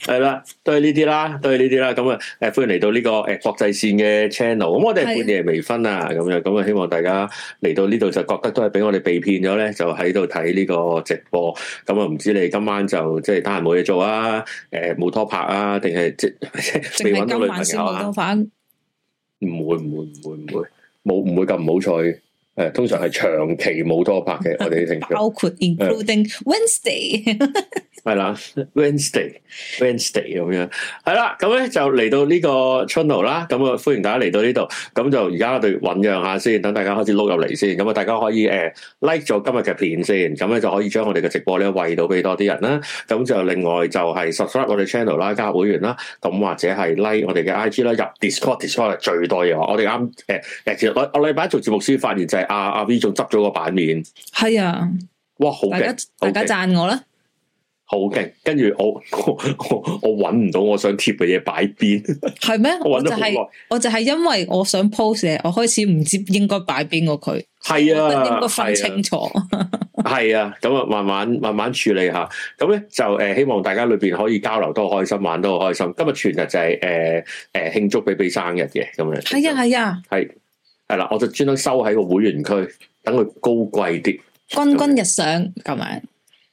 係啦，都係呢啲啦，都係呢啲啦。咁啊，誒，歡迎嚟到呢個誒國際線嘅 channel。咁我哋半夜微醺啊，咁樣咁啊，希望大家嚟到呢度就覺得都係俾我哋被騙咗咧，就喺度睇呢個直播。咁啊，唔知你今晚就即係得閒冇嘢做啊？誒、欸，冇拖拍啊？定係即係未揾到女朋友啊？唔會唔會唔會唔會冇？唔會咁唔好彩誒？通常係長期冇拖拍嘅，我哋停。包括 including Wednesday。 係啦，Wednesday，Wednesday 咁樣，係啦，咁咧就嚟到呢個 channel 啦。咁啊，歡迎大家嚟到呢度，咁就而家我哋醞釀下先，等大家開始撈入嚟先。咁啊，大家可以誒、呃、like 咗今日嘅片先，咁咧就可以將我哋嘅直播咧喂到俾多啲人啦。咁就另外就係 subscribe 我哋 channel 啦，加入會員啦，咁或者係 like 我哋嘅 IG 啦，入 Discord，Discord 係 Discord，最多嘢。我哋啱誒我我禮拜一做節目先發現就係阿阿 V 仲執咗個版面，係啊，哇，好嘅大家讚我啦。好勁，跟住我我我我搵唔到我想貼嘅嘢擺邊，係咩？ 我就係、是、我就係因為我想 post 嘢，我開始唔知應該擺邊個佢，係啊，應該分清楚，係啊，咁啊， 啊慢慢慢慢處理下，咁咧就誒、呃，希望大家裏邊可以交流都好開心，玩都好開心。今日全日就係誒誒慶祝 BB 生日嘅咁樣，係啊係啊，係係啦，我就專登收喺個會員區，等佢高貴啲，蒸蒸日上咁樣。就是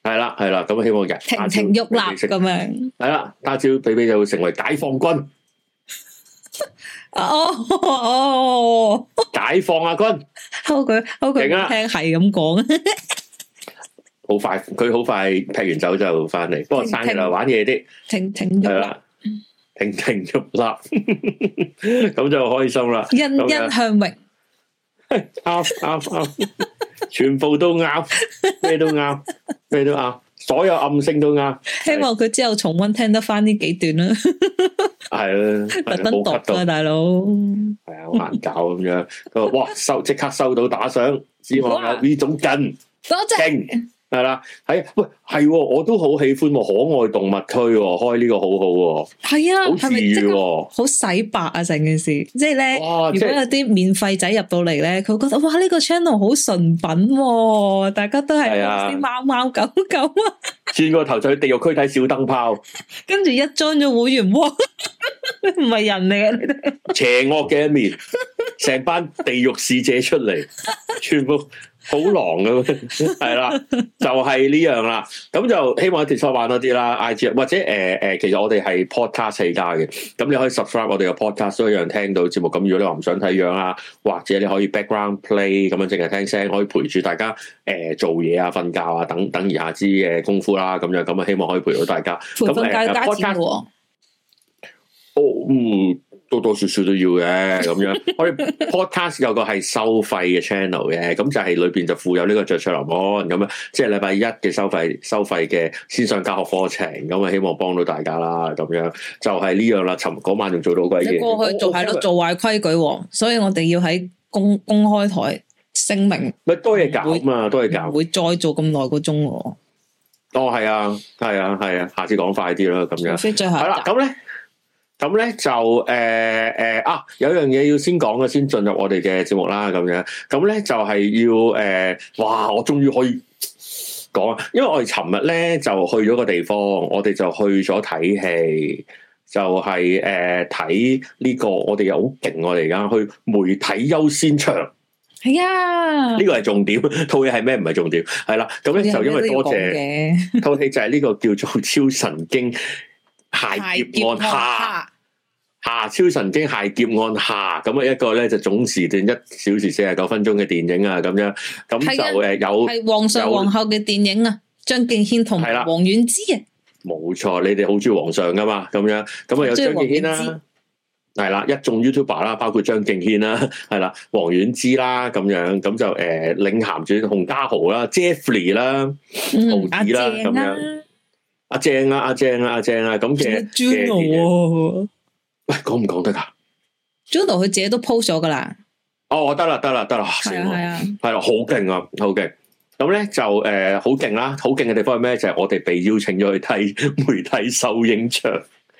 係啦，係啦，咁希望日亭亭玉立咁樣。係啦，叉蕉比比就會成為解放軍。 哦，哦，哦哦，解放阿、啊、軍。好佢，好佢、啊，聽係咁講。 好快，佢好快劈完酒就翻嚟，不過生日玩嘢啲。亭亭玉立。亭亭玉立，咁就開心啦。欣欣向榮。好，好，好。對對全部都啱，咩都啱，咩都啱，所有暗聲都啱 。希望佢之後重溫聽得翻呢幾段啦。係 啦、啊啊，特登讀啊，啊，大佬。係 啊、哎，好難搞咁樣。佢話：哇，收即刻收到打賞，只 望有呢種勁、啊。多謝。勁係啦、啊，喺、啊、喂係、啊，我都好喜歡可愛動物區、啊，開呢個好好，係啊，好、啊、治愈、啊，好洗白啊！成件事，即係咧，如果有啲免費仔入到嚟咧，佢覺得哇呢、這個 channel 好純品、啊，大家都係啲貓貓狗狗啊，轉個、啊、 頭就去地獄區睇小燈泡， 跟住一裝咗會員，你唔係 人嚟啊！你，邪惡嘅一面，成 班地獄使者出嚟，全部。好 狼噶的，係 啦，就係、是、呢樣啦。咁就希望一碟菜玩多啲啦。I G 或者誒誒、呃，其實我哋係 podcast 起家嘅，咁你可以 subscribe 我哋嘅 podcast，都有人聽到節目。咁如果你話唔想睇樣啊，或者你可以 background play 咁樣淨係聽聲，可以陪住大家誒、呃、做嘢啊、瞓覺啊等等而下之嘅功夫啦。咁樣咁啊，希望可以陪到大家。陪瞓覺哦，嗯。多多少少都要嘅咁樣， 我哋 Podcast 有個係收費嘅 channel 嘅，咁就係裏邊就附有呢個着士林安咁啊，即係禮拜一嘅收費收費嘅線上教學課程，咁啊希望幫到大家啦，咁樣就係、是、呢樣啦。尋嗰晚仲做到鬼嘢，過去做係咯，做壞規矩，okay, 所以我哋要喺公公開台聲明。咪多嘢搞啊嘛，多嘢搞、啊，會再做咁耐個鐘喎。哦，係啊，係啊，係啊，下次講快啲啦，咁樣係啦，咁咧。 咁咧就誒誒、呃、啊，有樣嘢要先講嘅，先進入我哋嘅節目啦，咁樣咁咧就係要誒、呃，哇！我終於可以講，因為我哋尋日咧就去咗個地方，我哋就去咗睇戲，就係誒睇呢個，我哋又好勁，我哋而家去媒體優先場，係啊，呢、這個係重點，套戲係咩？唔係重點，係啦，咁咧就因為多謝套戲 就係呢個叫做超神經鞋劫案嚇。夏、啊、超神經械劫案下，咁啊一個咧就總時段一小時四十九分鐘嘅電影啊，咁樣咁就誒、啊呃、有有皇上皇后嘅電影啊張敬軒同埋，啦王菀之啊冇錯，你哋好中意皇上㗎嘛，咁樣咁啊有張敬軒啦係啦一眾 YouTuber 啦、啊、包括張敬軒啦係啦王菀之啦咁樣咁就誒領銜住洪家豪啦、啊、Jeffrey 啦阿鄭啦咁樣阿正啊阿、啊、正啊阿、啊、正啊咁嘅。啊喂，講唔講得㗎 Jojo 佢自己都 post 咗噶啦。哦，我得啦，得啦，得啦，係啊，係啊，係好勁啊，好勁、啊。咁咧、啊啊、就誒，好勁啦，好勁嘅地方係咩？就係、是、我哋被邀請咗去睇媒體首映場。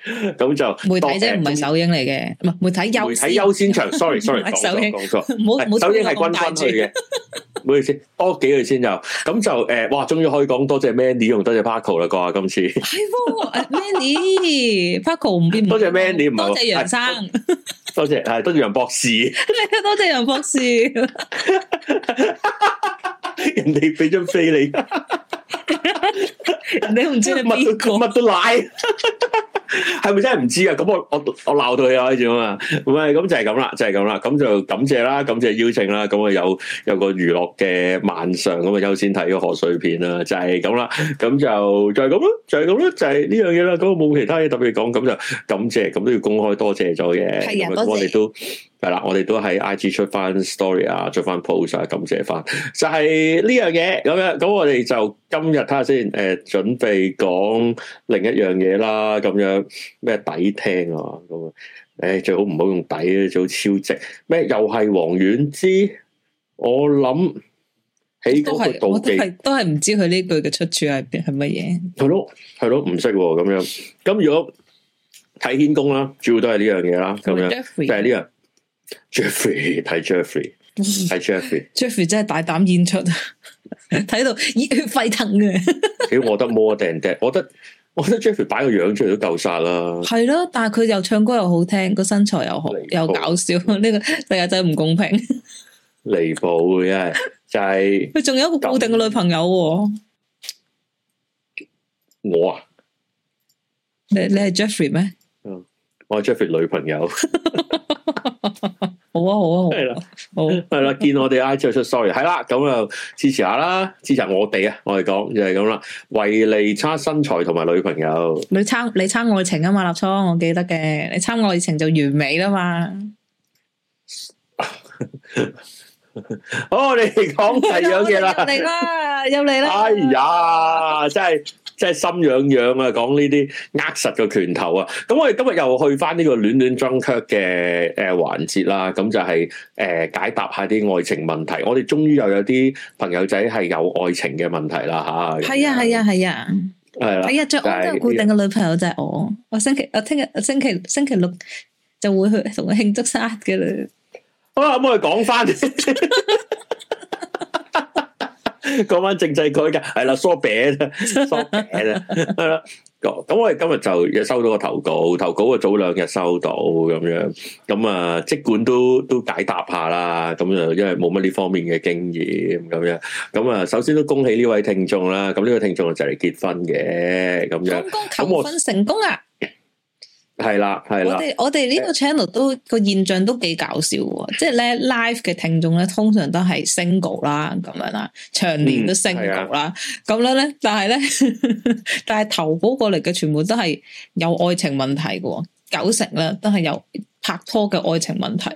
咁就媒體啫、就是，唔、呃、係首映嚟嘅，唔、嗯、係媒體優媒體優先場。Sorry，Sorry，首 sorry, 映，冇錯，首映係軍分區嘅。 唔好意思，多幾句先有咁就誒，哇！終於可以講多謝 Mandy，同多謝 Paco 啦，啩，下，今次係喎，Mandy，Paco 唔變不，多謝 Mandy，唔多謝楊生，多謝係 多謝楊博士，多謝楊博士， 人哋俾張飛你，你唔知你乜都講，乜都賴。係咪真係唔知啊？咁我我我鬧到你啊！開始吖嘛，唔係咁就係咁啦，就係咁啦。咁就感謝啦，感謝邀請啦。咁啊有有個娛樂嘅晚上，咁啊優先睇個賀歲片啦，就係咁啦。咁就就係咁喇，就係咁喇，就係呢樣嘢啦。咁啊冇其他嘢特別講，咁就感謝，咁都要公開多謝咗嘅。係啊，我哋都。係啦，我哋都喺 IG 出翻 story 啊，出翻 post 啊，感謝翻。就係呢樣嘢，咁樣，咁我哋就今日睇下先。誒，準備講另一樣嘢啦，咁樣咩抵聽啊？咁誒、哎，最好唔好用抵啊，最好超值咩？又係王菀之，我諗起嗰個土地都係唔知佢呢句嘅出處係邊，係乜嘢？係咯係咯，唔識咁樣。咁如果睇謙恭啦，主要都係呢樣嘢啦，咁樣就係呢樣。Jeffrey 睇 Jeffrey 睇 Jeffrey，Jeffrey 真係大膽演出啊！睇 到熱血沸騰嘅。屌，我覺得 more than that，我覺得，我覺得 Jeffrey 擺個樣出嚟都夠晒啦。係咯，但係佢又唱歌又好聽，個身材又好，又搞笑。呢個第日仔唔公平，離譜嘅就係佢仲有一個固定嘅女朋友。我啊，你你係 Jeffrey 咩？我係 Jeffrey 女朋友，好 啊 好啊，係啦、啊，好係、啊、啦，見我哋 IG 出 sorry，係啦，咁 啊，啊 就支持下啦，支持下我哋啊，我哋講就係咁啦，為利差身材同埋女朋友，你差你參愛情啊嘛，立聰我記得嘅，你差愛情就完美啦嘛， 好，我哋講第二樣嘢啦，又嚟啦，又嚟啦，哎呀，真係。即係心癢癢啊！講呢啲握實個拳頭啊！咁我哋今日又去翻呢個暖暖 z o 嘅誒環節啦，咁就係、是、誒、呃、解答一下啲愛情問題。我哋終於又有啲朋友仔係有愛情嘅問題啦吓！係啊係啊係啊係啦！哎呀、啊啊啊就是，最我有固定嘅女朋友就係我，我星期我聽日我星期星期六就會去同佢慶祝生日嘅啦。好啦，咁我哋講翻。講返政制改革係啦，梳餅啦，梳餅啦，係啦。咁我哋今日就又收到個投稿，投稿啊早兩日收到咁樣。咁啊，即管都都解答下啦。咁啊，因為冇乜呢方面嘅經驗咁樣。咁啊，首先都恭喜呢位聽眾啦。咁呢位聽眾就嚟結婚嘅咁樣。求婚成功啊！係啦，係啦。我哋我哋呢個 channel 都個、嗯、現象都幾搞笑，即係咧 live 嘅聽眾咧，通常都係 single 啦，咁樣啦，長年都 single 啦，咁樣咧，但係咧，但係 投稿過嚟嘅全部都係有愛情問題嘅，九成咧都係有拍拖嘅愛情問題。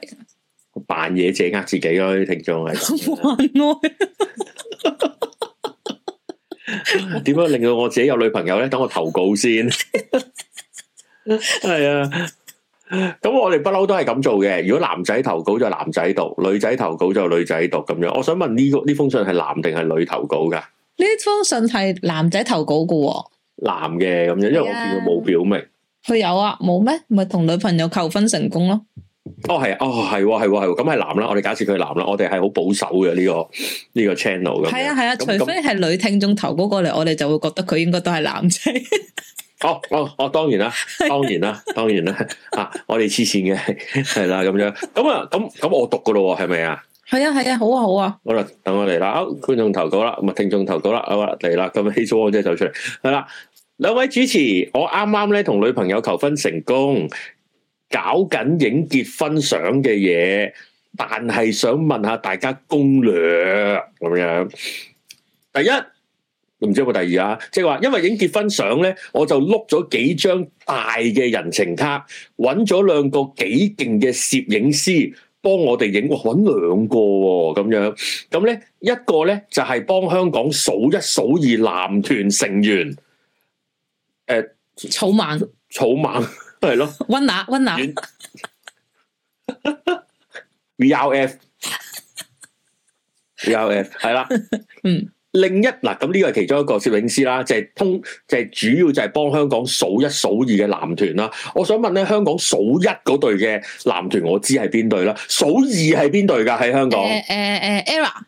扮嘢自己呃自己咯，啲聽眾係。點 解還我 令到我自己有女朋友咧？等我投稿先。 係 啊，咁我哋不嬲都係咁做嘅。如果男仔投稿就男仔讀，女仔投稿就女仔讀咁樣。我想問呢個呢封信係男定係女投稿噶？呢封信係男仔投稿噶、哦？男嘅咁樣，因為我見佢冇表明。佢、啊、有啊，冇咩？咪同女朋友求婚成功咯？哦，係啊，哦係，係、啊，係、啊，咁係、啊啊啊、男啦。我哋假設佢男啦，我哋係好保守嘅呢、這個呢、這個 channel。係啊，係啊，除非係女聽眾投稿過嚟，我哋就會覺得佢應該都係男仔。 哦，哦我當然啦，當然啦，當然啦，吓、 啊、我哋黐線嘅係啦咁樣，咁啊咁咁我讀噶咯喎，係咪啊？係啊係啊，好啊好啊。好啦，等我嚟啦，好，好，好，好觀眾投稿啦，咁啊聽眾投稿啦，好啦嚟啦，咁 Mr w o n 走出嚟，係啦，兩位主持，我啱啱咧同女朋友求婚成功，搞緊影結婚相嘅嘢，但係想問下大家攻略咁樣，第一。唔知有冇第二啊？即係話，因為影結婚相咧，我就碌咗幾張大嘅人情卡，揾咗兩個幾勁嘅攝影師幫我哋影。我揾兩個喎、哦，咁樣咁咧，一個咧就係、是、幫香港數一數二男團成員，誒、呃，草蜢，草蜢係咯，溫拿，溫拿，V L F，V L F 係啦，嗯。另一嗱，咁呢個係其中一個攝影師啦，就係、是、通，就係、是、主要就係幫香港數一數二嘅男團啦。我想問咧，香港數一嗰隊嘅男團，我知係邊隊啦？數二係邊隊噶？喺香港？誒誒誒，ERROR。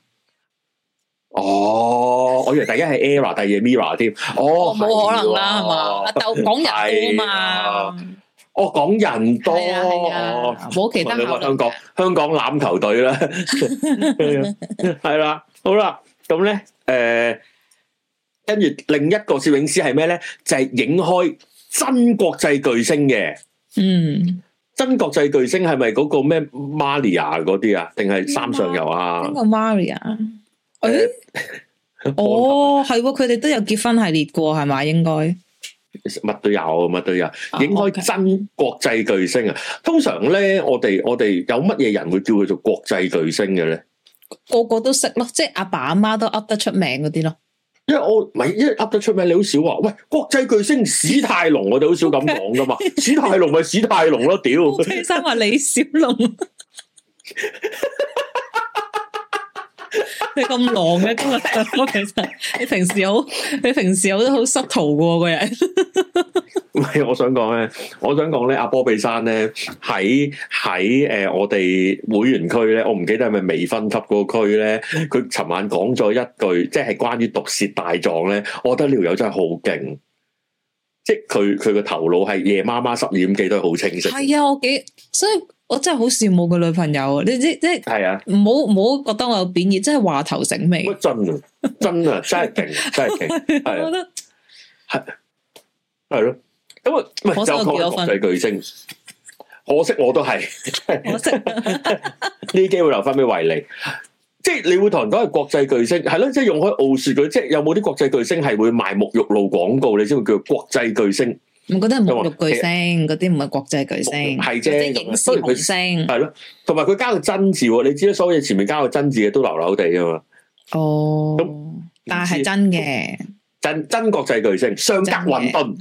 哦，我以為第一係 ERROR，第二係 MIRROR 添。哦，冇、啊、可能啦，係嘛、啊？啊，就講人多啊嘛。哦、啊，講人多。冇、啊啊、其他。香港香港欖球隊啦，係 啦、 啊，好啦、啊，咁咧。誒、呃，跟住另一個攝影師係咩咧？就係、是、影開真國際巨星嘅。嗯，真國際巨星係咪嗰個咩 Maria 嗰啲啊？定係三上佑啊？個 Maria 誒，呃哎、 哦，係 喎、哦，佢 哋都有結婚系列過係嘛？應該乜都有，乜都有，影開真國際巨星啊、哦 okay！通常咧，我哋我哋有乜嘢人會叫佢做國際巨星嘅咧？個個都識咯，即係阿爸阿媽都噏得出名嗰啲咯。因為我唔係，因為噏得出名你好少話，喂，國際巨星史泰龍，我哋好少咁講噶嘛。Okay. 史泰龍咪史泰龍咯，屌。青山話李小龍。 你咁狼嘅今日直播，其實你平時好，你平時好都好失途嘅喎，個 人。我想講咧，我想講咧，阿波比山咧喺喺誒，我哋會員區咧，我唔記得係咪未分級嗰個區咧，佢尋晚講咗一句，即係關於毒舌大狀咧，我覺得呢條友真係好勁，即係佢佢個頭腦係夜媽媽十二點幾都係好清晰。係啊，我幾所以。我真係好羨慕佢女朋友，你知，即係啊！唔好唔好覺得我有貶義，真係話頭醒尾。真啊真啊 真係勁真係勁，係係係咯咁啊！咪就講國際巨星，可惜我都係。可惜呢啲機會留翻俾維尼， 即係你會同人講係國際巨星，係咯，即係用開澳視佢，即係有冇啲國際巨星係會賣沐浴露廣告，你先會叫國際巨星。我覺得唔係玉巨星，嗰啲唔係國際巨星，係啫。影視巨星係咯，同埋佢加個真字，你知啦，所有嘢前面加個真字嘅都流流地㗎嘛。哦，咁但係係真嘅，真真國際巨星，相隔混沌，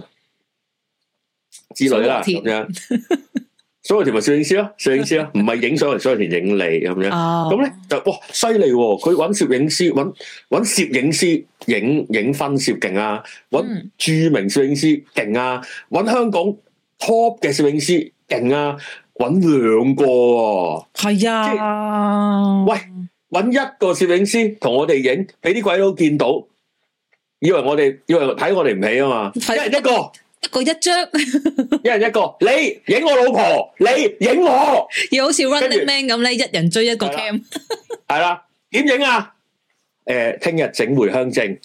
之類啦咁樣。 所謂田埋攝影師咯，攝影師，不是攝影師、哦、啊唔係影相，係所謂田影你咁樣。咁咧就哇犀利喎！佢搵攝影師，搵搵攝影師影影婚攝勁啊，搵著名攝影師勁啊，搵、嗯、香港 top 嘅攝影師勁啊，搵兩個喎、啊。係啊、就是，喂，搵一個攝影師同我哋影，俾啲鬼佬見到，以為我哋以為睇我哋唔起啊嘛，一人一個。一個一張， 一人一個。你影我老婆，你影我，又好似 Running Man 咁咧，一人追一個 cam。係啦，點影啊？誒、欸，聽日整回鄉證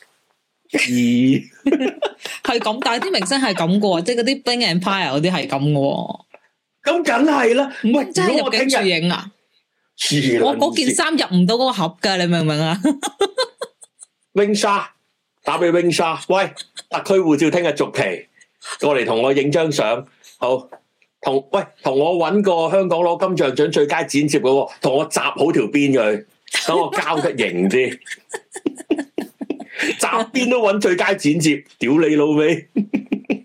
二，係、欸、咁， 但係啲明星係咁嘅，即係嗰啲 Bling Empire 嗰啲係咁嘅。咁梗係啦，唔係真係入緊住影啊！我件衫入唔到嗰個盒噶，你明唔明啊？Wingsa， Sha, 打俾 Wingsa，喂，特區護照聽日續期。過嚟同我影張相，好同喂，同我搵個香港攞金像獎最佳剪接嘅，同我夾好條邊佢，等 我交得型啲，夾 邊都搵最佳剪接，屌你老味，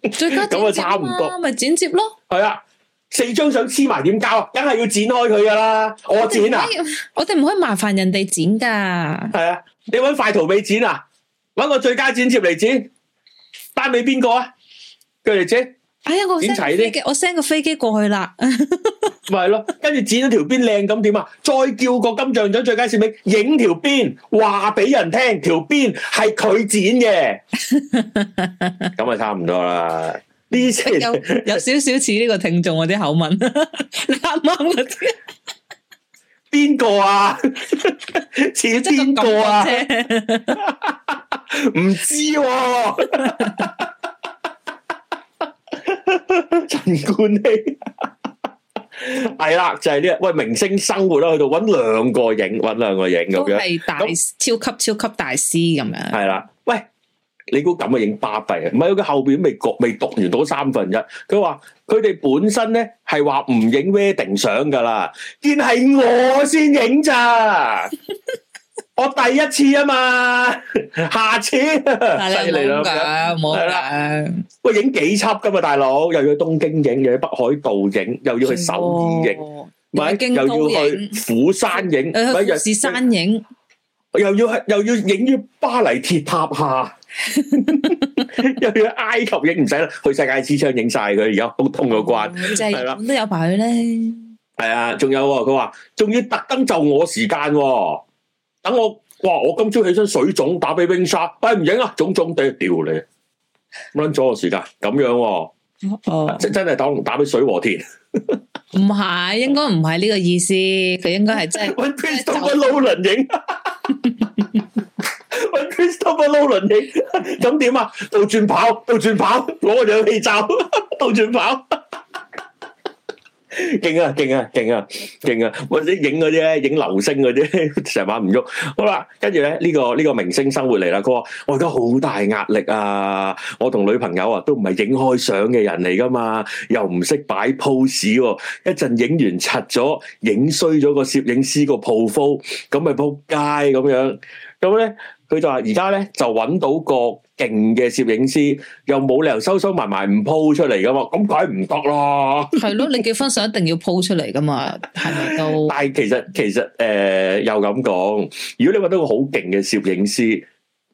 咁啊差唔多咪剪接咯，係啊，四張相黐埋點交，梗係要剪開佢噶啦，我剪啊，我哋唔可以麻煩人哋剪噶，係啊，你搵快圖俾剪啊，搵個最佳剪接嚟剪，單俾邊個啊？佢嚟啫，剪齊啲。我 send 個飛機過去啦，咪係咯。跟住剪咗條邊靚咁點啊？再叫個金像獎最佳攝影，影條邊話俾人聽，條邊係佢剪嘅，咁啊差唔多啦。呢啲有有少少似呢個聽眾嗰啲口吻，阿媽嗰啲邊個啊？似邊個啊？唔知喎。陳冠希係啦，就係呢喂明星生活啦，去到揾兩個影，揾兩個影咁樣，咁超級超級大師咁樣。係啦，喂，你估咁啊影巴閉啊？唔係佢後邊未讀未讀完到三分一，佢話佢哋本身咧係話唔影 wedding 相噶啦，見係我先影咋。我第一次啊嘛，下次犀利啦，冇錯啦。喂，影幾輯噶嘛，大佬，又要去東京影又去，北海道影，又要去首爾影，唔、哦、係，又要去釜山影，又是山影，又要去，又要影於巴黎鐵塔下， 又要埃及影，唔使啦，去世界之窗影晒佢，而家通通咗關，係、哦、啦，咁都有排去咧。係啊，仲有、哦，佢話仲要特登就我時間、哦。等我，哇！我今朝起身水腫，打俾冰沙，哎唔影啊，腫腫地屌你，冇咗我時間，咁樣哦，即真係打打俾水和田，唔 係，應該唔係呢個意思，佢應該係真係。搵 Christopher Nolan 嚟影，搵 Christopher Nolan 嚟影，咁點啊？倒轉跑，倒轉跑，攞個氧氣罩，倒轉跑。勁啊勁啊勁啊勁啊！或者影嗰啲咧，影、啊、流星嗰啲成晚唔喐。好啦，跟住咧呢、呢個呢、呢個明星生活嚟啦。佢話我而家好大壓力啊！我同女朋友啊都唔係影開相嘅人嚟噶嘛，又唔識擺 pose。一陣影完柒咗，影衰咗個攝影師個 pose，咁咪撲街咁樣。咁咧。佢就話而家咧就揾到個勁嘅攝影師，又冇理由收收埋埋唔 po 出嚟噶嘛，咁解唔得啦。係咯，你結婚相一定要 po 出嚟噶嘛，係 咪都？但係其實其實誒、呃、又咁講，如果你揾到個好勁嘅攝影師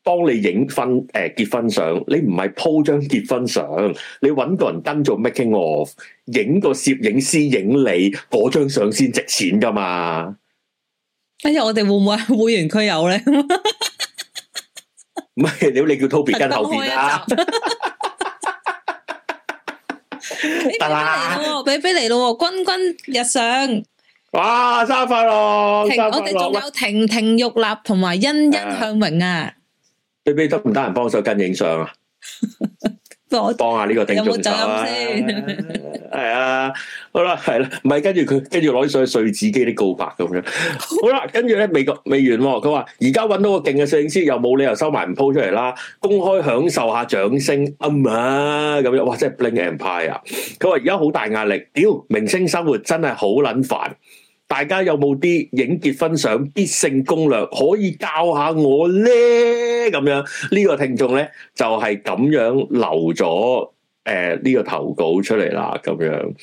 幫你影婚誒結婚相，你唔係 po 張結婚相，你搵個人跟做 making of，影個攝影師影你嗰張相先值錢噶嘛？哎呀，我哋會唔會係會員區有咧？ 唔係，屌你叫 Toby 跟後邊啦！得啦，B B 嚟咯，君君日上。哇！生日快樂，我哋仲有亭亭玉立同埋欣欣向榮啊！B B 得唔得人幫手跟影相啊？幫我幫下呢個聽眾先，係 啊，好啦，係啦，啊，唔係跟住佢跟住攞啲碎碎紙機啲告白咁樣，好啦， 跟住咧未個未完，哦，佢話而家搵到個勁嘅攝影師，又冇理由收埋唔 post 出嚟啦，公開享受下掌聲啱啊？咁樣哇，即係 Bling Empire 啊！佢話而家好大壓力，屌，呃，明星生活真係好撚煩。大家有冇啲影結婚相必勝攻略可以教下我咧？咁樣呢、這個聽眾咧就係、是、咁樣留咗誒呢個投稿出嚟啦。咁樣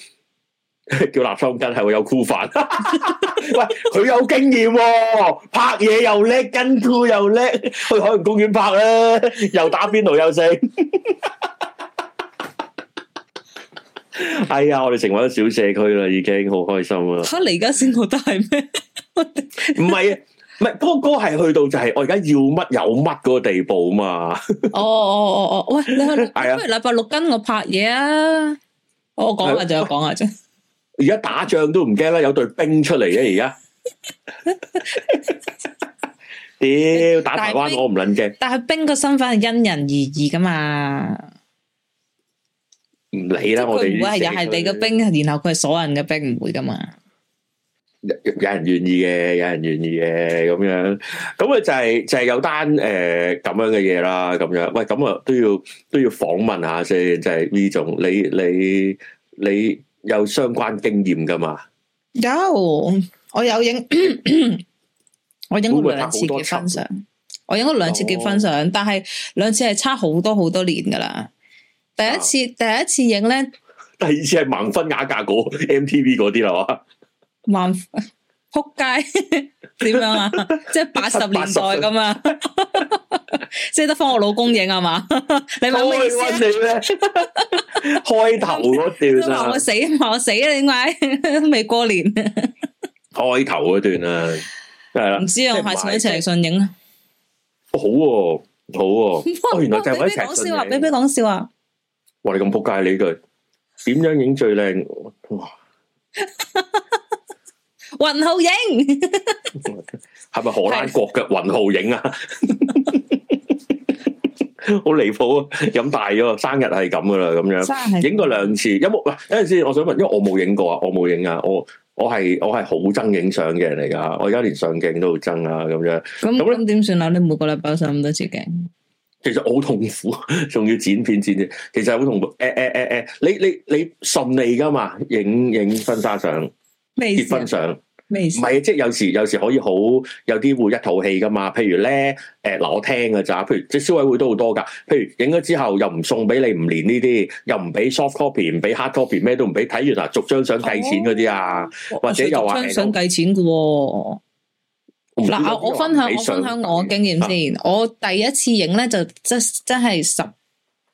叫立雙根係咪有酷範？ 喂，佢有經驗、哦，拍嘢，又叻，跟酷又叻，去海洋公園拍啦，又打邊爐又勝。 係、哎、啊，我哋成為咗小社區啦，已經好開心啊！哈，你而家先覺得係咩？唔係啊，唔係，哥係去到就係我而家要乜有乜嗰個地步啊嘛！哦哦哦哦，喂，你去， 你不如禮拜六跟我拍嘢啊！我講下就講、啊、下啫。而、啊、家打仗都唔驚啦，有對兵出嚟嘅而家。屌， 打台灣我唔撚驚。但係兵個身份係因人而異㗎嘛。唔理啦，我哋佢如果係又係你嘅兵，然後佢係所有人嘅兵，唔會噶嘛。有有人願意嘅，有人願意嘅咁樣，咁啊就係就係有單誒咁樣嘅嘢啦，咁樣。喂，咁啊都要都要訪問下，先，就係呢種，你你你有相關經驗噶嘛？有，我有影，我影過兩次結婚相，我影過兩次結婚相，但係兩次係差好多好多年噶啦。第一次、啊、第一次影咧，第二次係盲婚啞嫁嗰 MTV 嗰啲啦，哇！盲撲街點樣啊？ 即係八十年代咁啊！即係得返我老公影啊嘛？開 你話咩意思啊？開頭嗰段都話我死，話我死啊！點解未過年？開頭嗰段啊，係啦，唔知啊，還、就是一齊嚟順影啊？好啊哦，好哦，哦，原來就係喺講笑啊！俾俾講笑啊！哇！你咁撲街你呢句，點樣影最靚？哇！雲 雲浩影係 咪荷蘭國嘅雲浩影啊？ 好離譜啊！飲大咗，生日係咁噶啦，咁樣影過兩次。有冇喂，等陣先，我想問，因為我冇影過啊，我冇影啊，我我係我係好憎影相嘅人嚟噶，我而家連上鏡都好憎啊，咁樣。咁咁點算啊？你每個禮拜上咁多次鏡？其實好痛苦，仲要剪片剪片，其實好痛苦。誒誒誒誒，你你你順利噶嘛？影影婚紗相，未、啊、結婚相，未唔係即係有時有時可以好有啲會一套戲噶嘛。譬如咧，誒、呃、嗱，我聽噶咋？譬如即係消委會都好多噶。譬如影咗之後又唔送俾你，唔連呢啲，又唔俾 soft copy，唔俾 hard copy，咩都唔俾。睇完張計啊，逐張相計錢嗰啲啊，或者又話逐張相計錢噶喎。哦嗱，我我分享我分享我嘅經驗先、啊，我第一次影咧就真真係十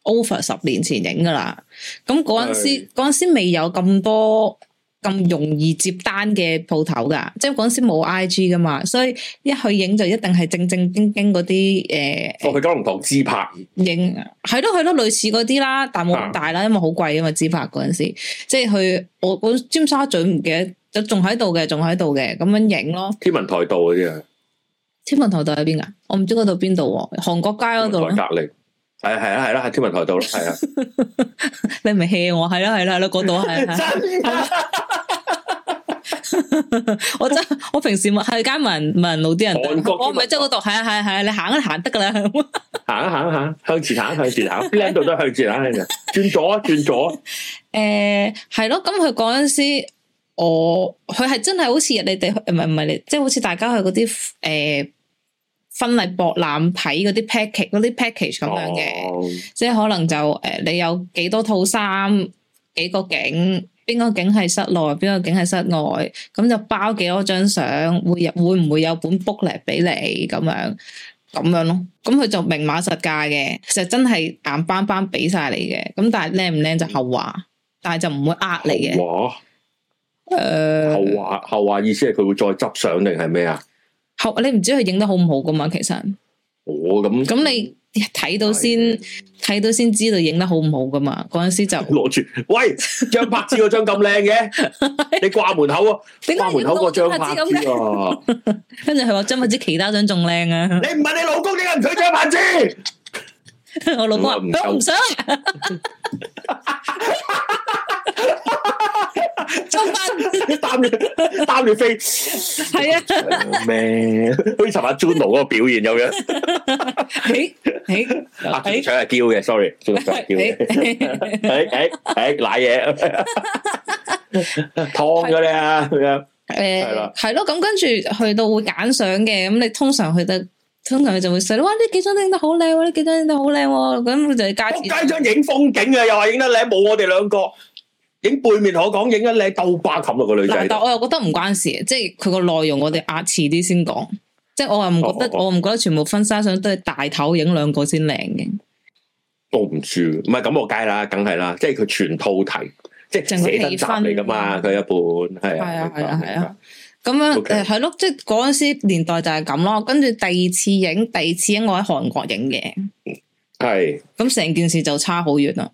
over 十年前影噶啦，咁嗰陣時陣時未有咁多咁容易接單嘅鋪頭噶，即係嗰陣時冇 IG 噶嘛，所以一去影就一定係正正經經嗰啲，誒，去九龍塘自拍影係咯，係咯類似嗰啲啦，但冇咁大啦，因為好貴啊嘛自拍嗰陣時，即係去我我尖沙咀唔記得。.仲喺度嘅，仲喺度嘅，咁樣影咯。天文台道嗰啲啊，啊啊天文台道喺邊噶？我唔知嗰度邊度，韓國街嗰度。隔離。係啊係啊係啦，喺天文台道咯，係啊。 你咪 hea 我？係啦係啦嗰度係。真、啊。是啊是啊是啊、 我真，我平時問去街問問路啲人。韓國。我唔係即係嗰度，係啊係啊係啊，啊，你，啊你啊啊行啊行得噶啦。行一行啊行，向前行向前行，邊度都向前行。轉左轉左。誒，係、欸、咯，咁佢嗰陣時。我佢，係真係好似你哋唔係唔係你，即係好似大家去嗰啲誒婚禮博覽睇嗰啲 package 啲 package 咁樣嘅，即係可能就誒、呃、你有幾多套衫，幾個景，邊個景係室內，邊個景係室外，咁就包幾多張相，會會唔會有本 book 嚟俾你咁樣咁樣咯，咁佢就明碼實價嘅，就真係硬班班俾晒你嘅，咁但係靚唔靚就後話，嗯、但係就唔會呃你嘅。呃、後話後話意思係佢會再執相定係咩啊？ 後你唔知佢影得好唔好㗎嘛？其實我咁咁你睇到先睇到先知道影得好唔好㗎嘛？嗰陣時就攞住喂，張柏芝嗰張咁靚嘅，你掛門口啊？掛門口嗰張柏芝啊！跟住佢話張柏芝其他張仲靚啊！你唔係你老公，你又唔想張柏芝？ 我老公話我唔想。沖翻擔住擔住飛，係 啊咩？好似尋日 Juno 嗰個表現咁樣、 哎。誒、哎、誒，啊！主角係叫嘅，sorry，主角係叫嘅。誒誒誒，瀨嘢燙咗你啊！佢啊，誒係啦，係咯。咁跟住去到會揀相嘅，咁你通常去得，通常佢就會寫。哇！呢幾張影得好靚，呢幾張影得好靚。咁就加街張影風景嘅，又話影得靚，冇我哋兩個。影背面同我講影得靚，兜巴冚啊個女仔。但我又覺得唔關事，即係佢個內容我哋壓遲啲先講。即係我又唔覺得，哦、我唔覺得全部婚紗相都係大頭影兩個先靚嘅。我唔住，唔係咁我介啦，梗係啦，即係佢全套睇，即係寫得雜嚟噶嘛，佢一半，係啊係啊係啊，咁樣誒係咯，即係嗰陣時年代就係咁咯。跟住第二次影，第二次影我喺韓國影嘅，係咁成件事就差好遠啦。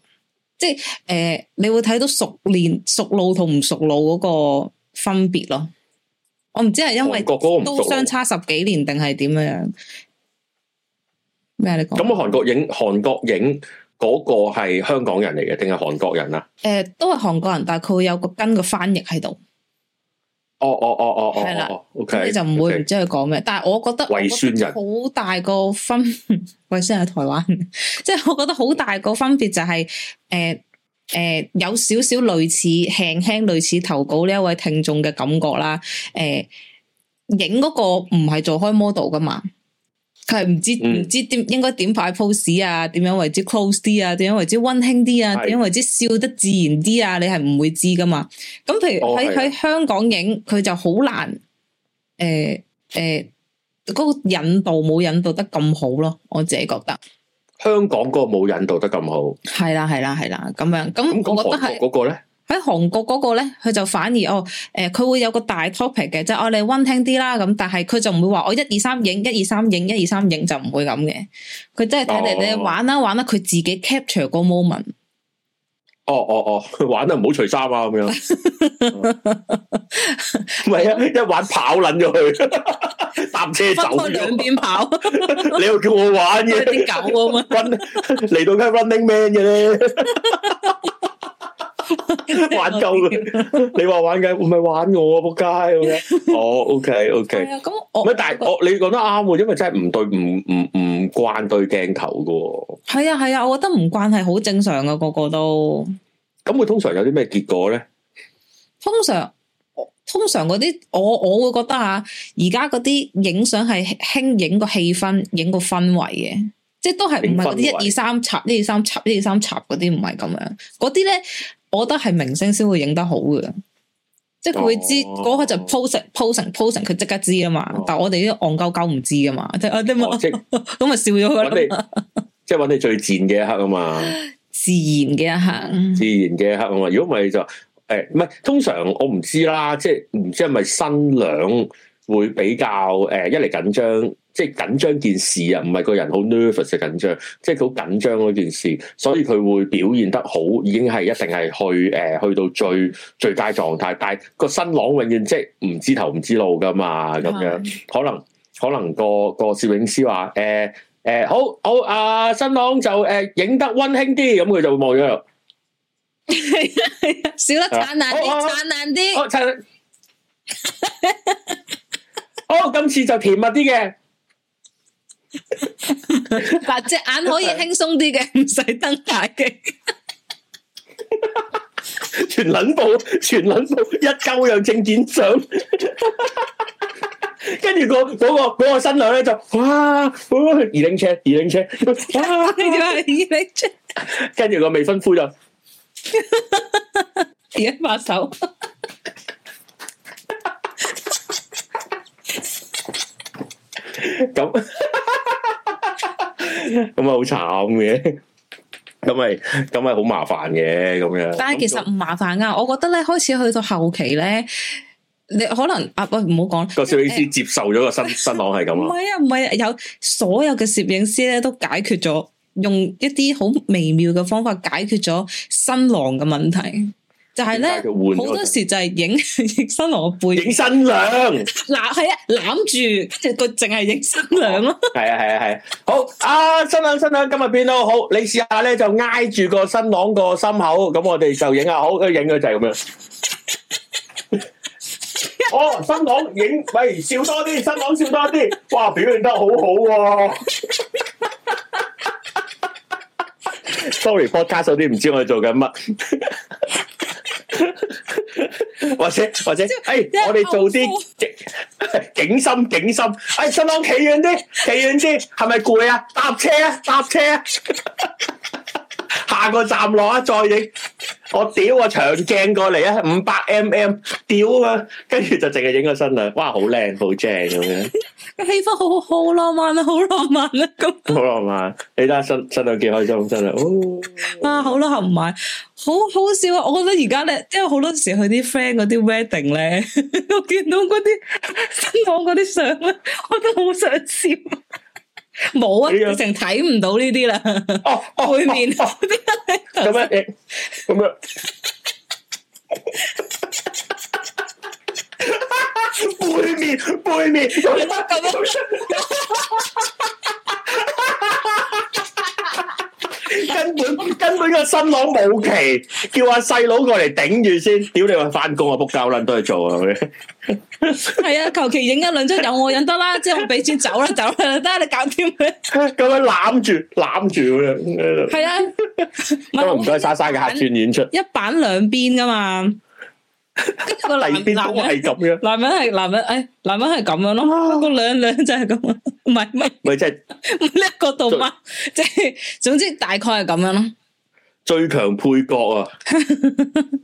即係誒、呃，你會睇到熟練、熟路同唔熟路嗰個分別咯。我唔知係因為都相差十幾年定係點樣咩？你講咁，我、嗯、韓國影韓國影嗰個係香港人嚟嘅，定係韓國人啊？誒、呃，都係韓國人，但係佢會有一個跟個翻譯喺度。哦哦哦哦哦，係、哦、啦、哦、OK，就唔會唔知佢講咩。okay，但係我覺得胃酸人好大個分，胃酸人台灣，即 係我覺得好大個分別就係、是，誒、呃、誒、呃、有少少類似，輕輕類似投稿呢一位聽眾嘅感覺啦，誒、呃，影嗰個唔係做開 model 噶嘛。佢係唔知唔、嗯、知點應該點擺 pose 啊？點、嗯、樣為之 close 啲啊？點樣為之溫馨啲啊？點樣為之笑得自然啲啊？你係唔會知噶嘛？咁譬如喺喺、哦、香港影，佢就好難誒誒，嗰、呃呃那個引導冇引導得咁好咯。我自己覺得香港嗰個冇引導得咁好。係啦係啦係啦，咁樣咁我覺得係個咧。喺韓國嗰個咧，佢就反而哦誒，佢、呃、會有個大 topic 嘅，即係我哋 one 聽啲啦咁，但係佢就唔會話我一二三影一二三影一二三影就唔會咁嘅。佢真係睇嚟你玩啦、啊、玩啦、啊，佢自己 capture 個 moment。哦哦哦，玩得唔好除衫啊，咁、啊、樣。咪 係、哦、啊，一玩跑捻咗去，搭 車走咗，兩 邊兩跑。 你又叫我玩嘢啲狗啊？嘛， 嚟 到梗係 Running Man 嘅咧。 玩夠啦！你話玩緊嘅，我咪玩我啊撲街！哦，OK OK。咁我咩？但係我，但我，但我你講得啱喎，因為真係唔對唔唔唔慣對鏡頭噶、哦啊。係啊係啊，我覺得唔慣係好正常噶，個個都。咁會通常有啲咩結果咧？通常，通常嗰啲我我會覺得啊，而家嗰啲影相係輕影個氣氛，影個氛圍嘅，即係都係唔係嗰啲一二三插一二三插一二三插嗰啲，唔係咁樣嗰啲咧。我覺得係明星先會影得好嘅，即係佢會知嗰刻、哦那個、就 pose pose pose 佢即刻知啊嘛。哦、但係我哋啲戇鳩鳩唔知啊嘛，即係我都冇，咁、哦、咪、就是、笑咗。佢揾你 即係揾你最賤嘅一刻啊嘛，自然嘅一刻，自然嘅一刻啊嘛。如果唔係就誒，唔、哎、係通常我唔知啦，即係唔知係咪新娘會比較誒、呃、一嚟緊張。即係緊張件事啊，唔係個人好 nervous 嘅緊張，即係好緊張嗰件事，所以佢會表現得好，已經係一定係去誒去到最最佳狀態。但係個新郎永遠即係唔知頭唔知路噶嘛，咁樣可能可能個個攝影師話，誒誒好好啊，新郎就誒影、欸、得溫馨啲，咁佢就會望咗落， 笑得燦爛啲燦爛啲，好今次就甜蜜啲嘅。嗱，隻眼可以輕鬆啲嘅，唔使登大鏡，全捻部，全捻部，一交有證件上，跟住個嗰個嗰個新娘咧就哇，二零 check，二零 check，哇，呢啲係二零 check，跟住個未婚夫就，二一把手，咁。咁咪好慘嘅，咁咪咁咪好麻煩嘅咁樣。但係其實唔麻煩啊。我覺得咧開始去到後期咧，你可能啊喂唔好講，個攝影師接受咗個新、欸、新郎係咁咯。唔係啊，唔係、啊、有所有嘅攝影師咧都解決咗，用一啲好微妙嘅方法解決咗新郎嘅問題。就係、是、咧，好多時就係影影新郎背影，新娘嗱係啊，攬住，跟住佢淨係影新娘咯。係 啊係啊係啊，啊，好啊，新娘新娘，今日變到好，你試下咧就挨住個新郎個心口，咁我哋就影下好，佢影佢就係咁樣。 哦，新郎影，喂，笑多啲，新郎笑多啲， 哇，表現得好好、啊、喎。Sorry，focus 啲，唔知我哋做緊乜。或 者或者，或者哎，我哋做啲景深景深,景深，哎，新郎企遠啲，企遠啲，係咪攰啊？搭車啊，搭車啊！ 下個站落啊，再影我屌啊長鏡過嚟啊，五百 mm 屌啊，跟住就淨係影個新娘，哇，好靚好正咁樣，氣 氛好好，浪漫啊，好浪漫啊，咁 好,、啊哦啊、好浪漫。你睇下新新娘幾開心真啊，哇，好啦，合唔埋，好好笑啊！我覺得而家咧，因為好多時佢啲 friend 嗰啲 wedding 咧， 我見到嗰啲新房嗰啲相咧，我都好想笑。冇啊，成睇唔到呢啲啦，背面咁樣，咁樣，背面，背面，你唔得噶咩？根本根本個新郎冇期，叫阿細佬過嚟頂住先。屌你話翻工啊，仆街撚都係做啊，係咪？係啊，求其影一兩張有我忍得啦，之後我俾錢走啦走啦，得你搞掂佢。咁樣攬住攬住佢。係啊，都唔該晒晒嘅客串演出，一版兩邊噶嘛。跟住個男男係咁樣，男人係男人，誒，男人係咁樣咯，個兩兩就係咁，唔係唔係，唔係即係呢一個動畫，即係總之大概係咁樣咯。最強配角啊，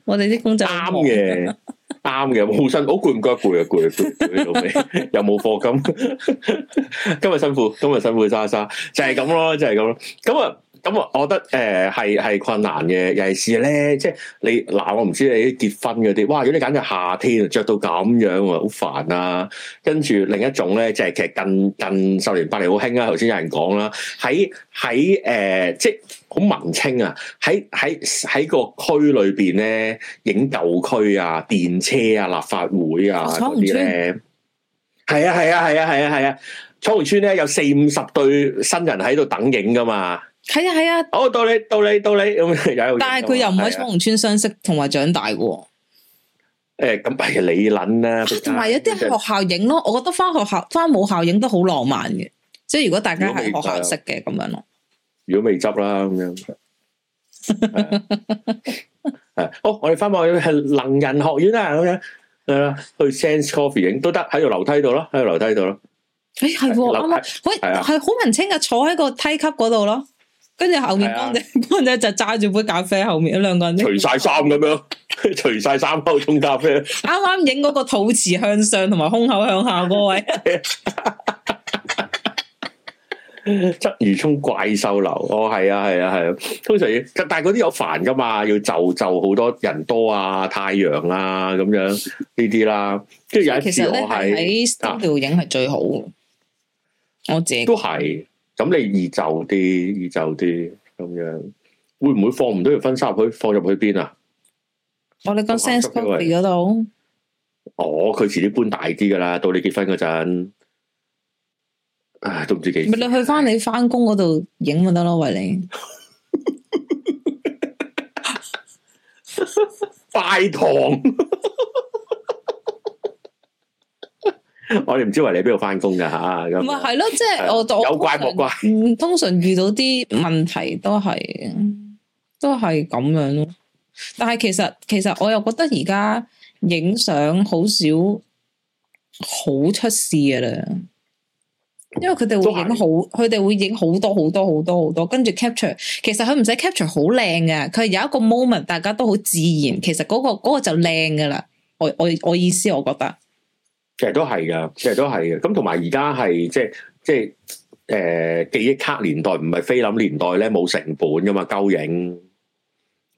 我哋啲公仔啱嘅，啱嘅，好辛，好攰，唔該攰啊，攰啊，攰到尾，又冇課金，今日辛苦，今日辛苦，莎莎就係咁咯，就係咁咯，咁啊。咁、嗯、我我覺得誒係係困難嘅，尤其是咧，即係你嗱、啊，我唔知你結婚嗰啲，哇！如果你揀咗夏天着到咁樣好煩啊。跟住另一種咧，就係其實近近十年八年好興啊，頭先有人講啦，喺喺誒，即係好文青啊，喺喺喺個區裏邊咧影舊區啊、電車啊、立法會啊嗰啲咧。係啊係啊係啊係啊係啊！草湖、啊啊啊啊啊啊、村咧有四五十對新人喺度等影噶嘛～係啊係啊，好道理道理道理咁，但係佢又唔喺彩虹村相識同埋長大嘅。誒，咁係理捻啦。同埋、啊啊、有啲學校影咯，就是、我覺得翻學校翻母校影都好浪漫嘅。即係如果大家喺學校識嘅咁樣咯。如果未執啦咁樣。係，哦、 啊，我哋翻幕係能仁學院啊咁樣，誒、啊，去 Sense Coffee 影都得，喺度樓梯度咯，喺度樓梯度咯。誒、欸、係、啊、啱啱、啊，喂，係好、啊、文青嘅、啊，坐喺個梯級嗰度咯。跟住後，後面，光仔、啊，光 仔就揸住杯咖啡，後面嗰兩個人除晒衫咁樣，除晒衫偷沖咖啡。啱啱影嗰個肚臍向上，同埋胸口向下嗰位。鯽 如冲怪獸流，哦，係啊，係啊，係啊，通常但係嗰啲有煩噶嘛，要就就，好多人多啊，太陽啊，咁樣呢啲啦。跟住有其實，我係啊，喺 studio 影係最好，我自都係。咁你易就啲，易就啲，咁樣會唔會放唔到條婚紗去放入去邊啊？我哋個 sense body 嗰度。哦，佢遲啲搬大啲噶啦，到你結婚嗰陣，唉，都唔知幾。咪你去翻你翻工嗰度影咪得咯，為你 拜堂。 我哋唔知話你邊度翻工噶吓咁。咪係咯，即係我有怪莫怪。嗯、就是乖乖，通常遇到啲問題都係， 都係咁樣咯。但係其實其實我又覺得而家影相好少好出事噶啦，因為佢哋會影好，佢哋會影好多好多好多好多，跟住 capture。其實佢唔使 capture 好靚噶，佢有一個 moment，大家都好自然。其實嗰、嗰個、嗰個就靚噶啦。我我我意思，我覺得。其實都係噶，其實都係嘅。咁同埋而家係即係即係，誒、呃、記憶卡年代唔係菲林年代咧，冇成本噶嘛，夠影。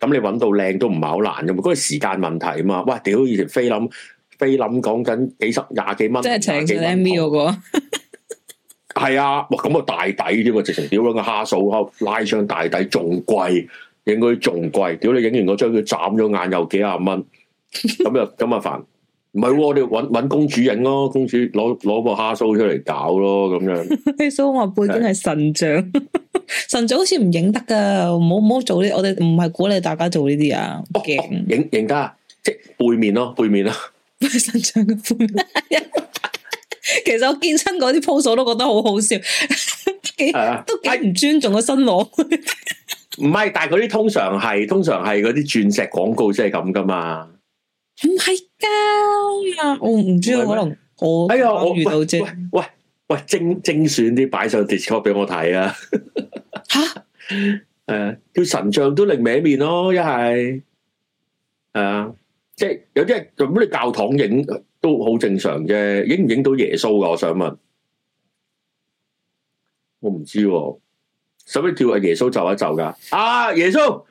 咁你揾到靚都唔係好難噶嘛，嗰個時間問題啊嘛。哇，屌以前菲林，菲林講緊幾十廿幾蚊，即係請 M V 嗰個。係 啊，哇，咁啊大底添嘛，直情屌兩個蝦數，拉上大底仲貴，影佢仲貴。屌你影完嗰張佢眨咗眼又幾啊蚊，咁又咁啊煩。 唔係、啊，我哋揾公主影咯，公主攞攞個哈蘇出嚟搞咯，咁樣。啲 須我背景係神像，神像好似唔影得噶，唔好唔好做啲。我哋唔係鼓勵大家做呢啲啊，影、哦、影、哦、得，即係背面咯，背面啦。神像嘅背面。 其實我健身嗰啲 pose 都覺得好好笑， 幾、啊、都幾唔尊重個新郎。唔係、啊， 但係嗰啲通常係，通常係嗰啲鑽石廣告即係咁噶嘛。唔係噶，我唔知啊，可能我哎呀，我，遇到我喂喂喂精精選啲擺上 Discord 俾我睇啊吓，誒、啊 啊、叫神像都擰歪面咯，一係係啊，即係有啲人咁你教堂影都好正常啫，影唔影到耶穌噶？我想問，我唔知、啊，使乜叫阿耶穌就一就噶啊，啊耶穌。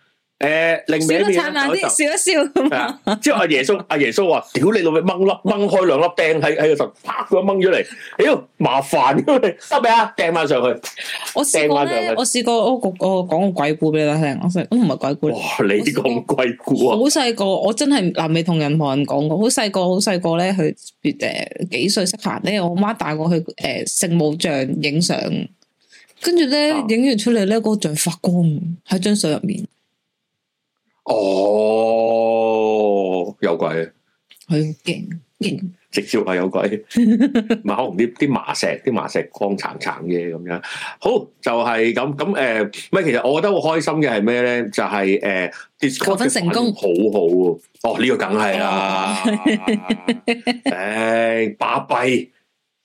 誒，靈位喺邊咧？笑一笑，即係阿耶穌，阿耶穌話：屌你老味掹粒，掹開兩粒掟喺喺度，頭，啪咁掹咗嚟。屌、哎、麻煩，得未啊？掟翻上去。我掟翻上去。我試過我試過、哦、講個鬼故俾你聽。我細我唔係鬼故。哇、哦！你咁鬼故啊！好細個，我真係嗱未同任何人講過。好細個，好細個咧，佢誒幾歲識行咧？我媽帶我去誒聖、呃、母像影相，跟住咧影完出嚟咧，嗰、那個像發光喺張相入面。哦，有鬼！係啊，勁勁直接話有鬼！馬紅啲啲麻石，啲麻石光橙橙嘅咁樣，好就係咁咁誒，咩、呃？其實我覺得好開心嘅係咩咧？就係、是、誒，十、呃、分成功，好好哦！呢、這個梗係啦，正巴閉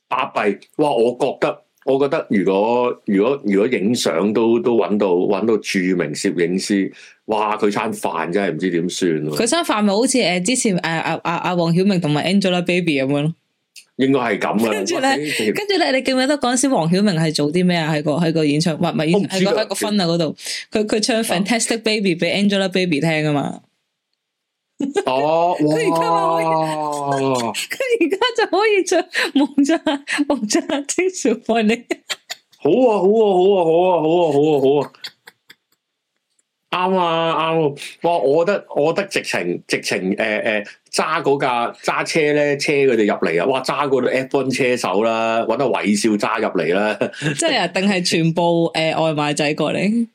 巴閉，哇！我覺得。我覺得如果如果如果影相都都揾到揾到著名攝影師，哇，佢餐飯真係唔知點算。佢餐飯咪好似誒之前誒阿阿阿黃曉明同埋 Angelababy 咁樣咯，應該係咁啦。跟住咧，跟住咧、哎，你記唔記得嗰時黃曉明係做啲咩啊？喺個喺個演唱，唔係？喺個喺個婚啊嗰度，佢佢唱 Fantastic Baby 俾、啊、Angelababy 聽㗎嘛。哦，佢而家可而家 就可以着蒙着蒙着經常過你 好啊，好啊，好啊，好啊，好啊，好啊，好啊，啱啊，啱。哇，我得我得直情直情誒誒揸嗰架揸車咧車佢哋入嚟啊！哇，揸嗰度 F1 車手啦，搵到韋少揸入嚟啦，即係定係全部誒、呃、外賣仔過嚟？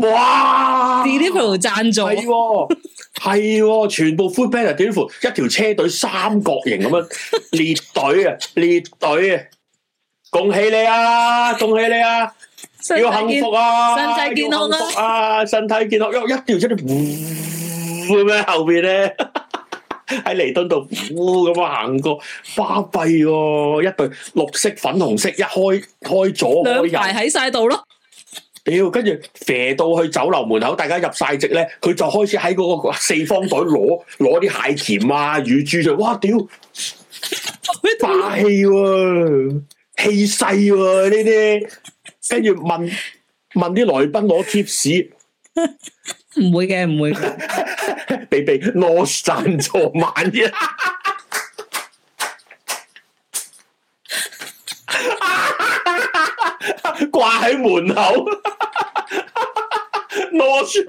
哇！Ditto 贊助係，係全部 full banner 短褲，一條車隊三角形咁樣列隊啊，列隊啊！恭喜你啊，恭喜你啊！要幸福啊，要幸福啊，身體健康，喲！一條真係呼咁樣後邊咧，喺彌敦道呼咁啊行過，巴閉喎，一隊綠色粉紅色，一開開咗我啲人喺晒度咯。屌，跟住肥到去酒樓門口，大家入晒席咧，佢就開始喺嗰個四方袋攞攞啲蟹鉗啊、乳豬出，哇屌！霸氣喎，啊，氣勢喎呢啲。跟住問問啲來賓攞貼士，唔會嘅，唔會嘅，你俾攞神助萬嘅。 掛喺門口，我出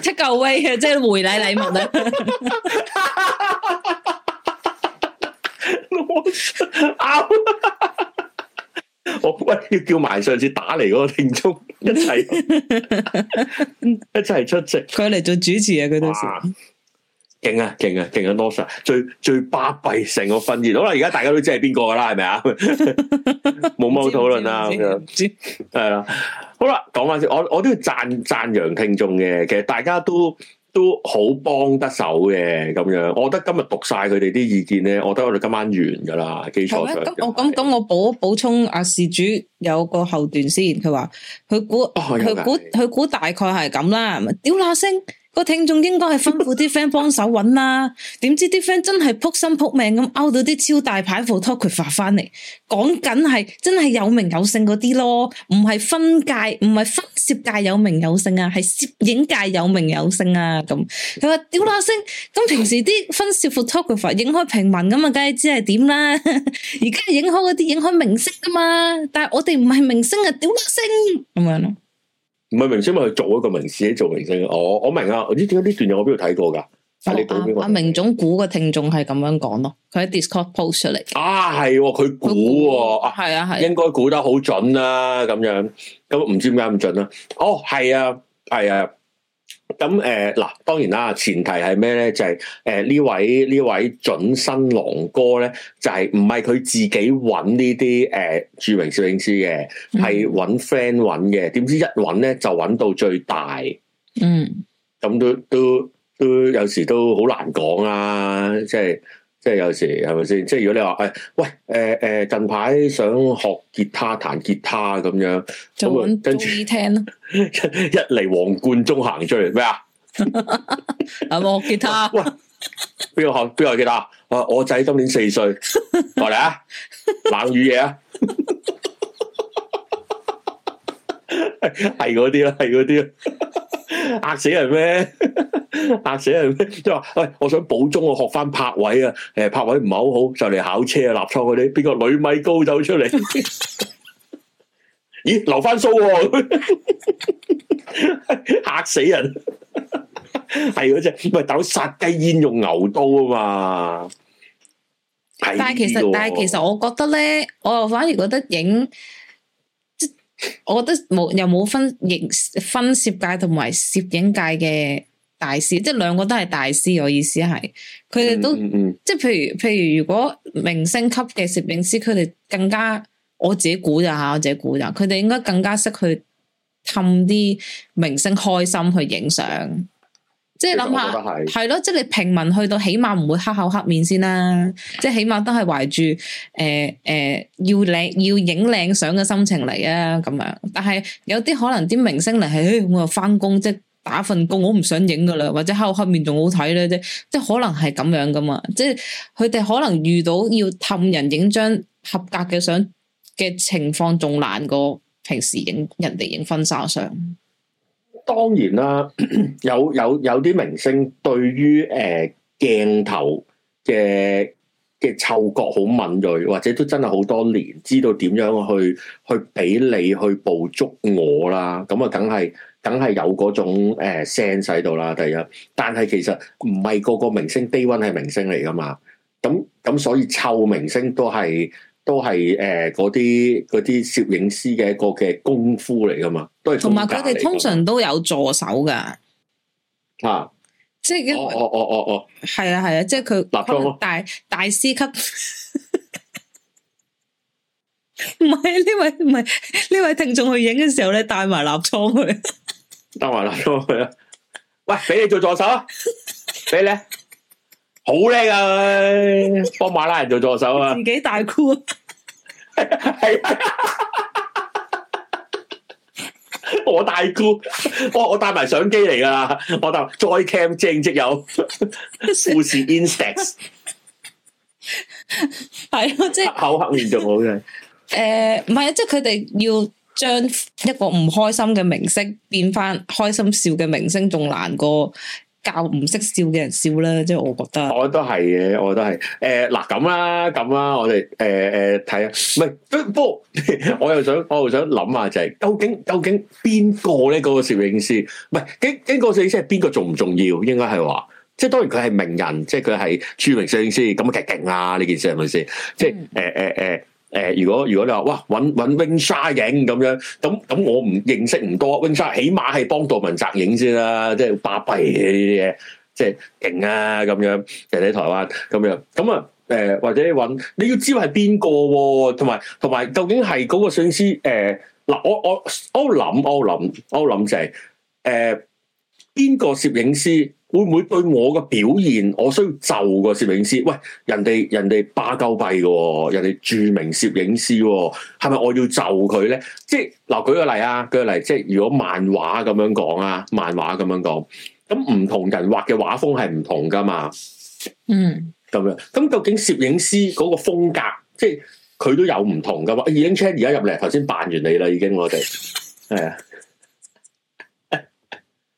出嚿威嘅，即係回禮禮物咧。我我喂要叫埋上次打嚟嗰個聽眾一齊 一齊出席，佢嚟做主持呀佢當時。 勁啊勁啊勁啊！多謝、啊、最最巴閉成個婚宴，好啦，而家大家都知係邊個噶啦，係 咪不是 啊？冇乜好討論啦，係啦。好啦，講翻先，我我都要讚讚揚聽眾嘅，其實大家都都好幫得手嘅咁樣。我覺得今日讀晒佢哋啲意見咧，我覺得我哋今晚完噶啦，基礎上。咁咁咁，我補補充阿、啊、事主有個後段先，佢話佢估佢估佢估大概係咁啦，屌那星。個聽眾應該係吩咐啲 friend 幫手搵啦，點知啲 friend 真係扑心撲命咁勾到啲超大牌 photographer 翻嚟，講緊係真係有名有姓嗰啲咯，唔係婚界，唔係婚攝界有名有姓啊，係攝影界有名有姓啊咁。佢話屌啦星，咁平時啲婚攝 photographer 影開平民咁啊，梗係知係點啦。而家影開嗰啲影開明星噶嘛，但係我哋唔係明星啊，屌啦星。咁樣咯。唔係明星，咪去做一個明星，做明星、哦。我我明啊，呢啲呢段嘢我邊度睇過噶、哦你你哦。啊，明總估個聽眾係咁樣講咯，佢喺 Discord post 出嚟。啊，係、哦，佢估、哦、估，係啊係、啊啊，應該估得好準啦、啊，咁樣，咁唔知點解咁準啦、啊。哦，係啊，係啊。是啊。咁誒嗱，當然啦，前提係咩咧？就係誒呢位呢位準新郎哥咧，就係唔係佢自己揾呢啲誒著名攝影師嘅，係揾 friend 揾嘅。點知一揾咧就揾到最大，嗯，咁都都都有時都好難講啊，即係。即係有時係咪先？即係如果你話誒，喂，誒、呃、誒，近排想學吉他彈吉他咁樣，就搵跟住聽咯。一嚟黃冠中行出嚟咩 啊？學，學吉他？喂，邊個學？邊個吉他啊？我仔今年四歲，嚟 啊！冷雨夜啊，係嗰啲啦，係嗰啲嚇死人咩？嚇死人咩？即係話，喂，我想補鐘，我學翻泊位啊！誒，泊位唔係好好，就嚟考車啊，立倉嗰啲，邊個女米高走出嚟？ 咦，留翻數、啊，吓 死人！係嗰隻咪斗殺雞焉用牛刀啊嘛？但係其實，哎、但係其實，我覺得咧，我又反而覺得影。我覺得冇又冇分影分攝界同埋攝影界嘅大師，即係兩個都係大師。我意思係，佢哋都嗯嗯嗯即係譬如譬如，譬如，如果明星級嘅攝影師，佢哋更加我自己估咋吓，我自己估咋，佢哋應該更加識去氹啲明星開心去影相。即係諗下，係咯，即係你平民去到起碼唔會黑口黑面先啦，啊，即係起碼都係懷住誒誒要靚要影靚相嘅心情嚟啊，咁樣。但係有啲可能啲明星嚟，誒、欸，我又翻工即係打份工，我唔想影噶啦，或者黑口黑面仲好睇咧，即即係可能係咁樣噶嘛，即係佢哋可能遇到要氹人影張合格嘅相嘅情況，仲難過平時影人哋影婚紗相。當然啦，有有有啲明星對於誒、呃、鏡頭嘅嘅嗅覺好敏銳，或者都真係好多年知道點樣去去俾你去捕捉我啦。咁啊，梗係梗係有嗰種誒聲勢到啦。第一，但係其實唔係個個明星 Day One 係明星嚟㗎嘛。咁咁所以臭明星都係。都係誒，嗰啲嗰啲攝影師嘅一個嘅功夫嚟噶嘛，都係同埋佢哋通常都有助手噶啊，即係哦哦哦哦係啊係啊，即係佢立倉咯，大大師級唔係呢位唔係呢位聽眾去影嘅時候咧，帶埋立倉去，帶埋立倉去啊！喂，俾你做助手啊！ 你好叻啊，幫馬拉人做助手啊！自己大箍啊。係 我大姑，我我帶埋相機嚟㗎喇，我就再 Cam 正即有故事 instax，係咯，即 係、就是、口黑面重好嘅。誒、 呃，唔係，即係佢哋要將一個唔開心嘅明星變返開心笑嘅明星，仲難過。教唔識笑嘅人笑啦，即係我覺得，我都係嘅，我都係。誒，嗱咁啦，咁啦，我哋誒誒睇下。唔係不不，我又想，我又想諗下就係，究竟究竟邊個咧？嗰個攝影師，唔係究究竟個攝影師係邊個重唔重要？應該係話，即係當然佢係名人，即係佢係著名攝影師，咁其實勁啦呢件事係咪先？即係誒誒誒。呃呃呃誒、呃，如果如果你話，哇，搵搵 Wing Shya 影咁樣，咁咁我唔認識唔多，Wing Shya 起碼係幫杜汶澤影先啦，即係巴閉嘅呢啲嘢，即係勁啊咁樣，尤其喺台灣咁樣，咁啊，誒、呃、或者搵，你要知係邊、啊、個，同埋同埋究竟係嗰個攝影師，誒、呃、嗱，我我我諗我諗我諗就係、是，誒、呃、邊個攝影師？會唔會對我嘅表現，我需要就個攝影師？喂，人哋人哋巴鳩閉嘅，人哋著名攝影師，係咪我要就佢咧？即係嗱、呃，舉個例啊，舉個例，即係如果漫畫咁樣講啊，漫畫咁樣講，咁唔同人畫嘅畫風係唔同噶嘛？嗯，咁樣，咁究竟攝影師嗰個風格，即係佢都有唔同噶嘛？已經 check 而家入嚟，頭先扮完你啦，已經，已經我哋係啊。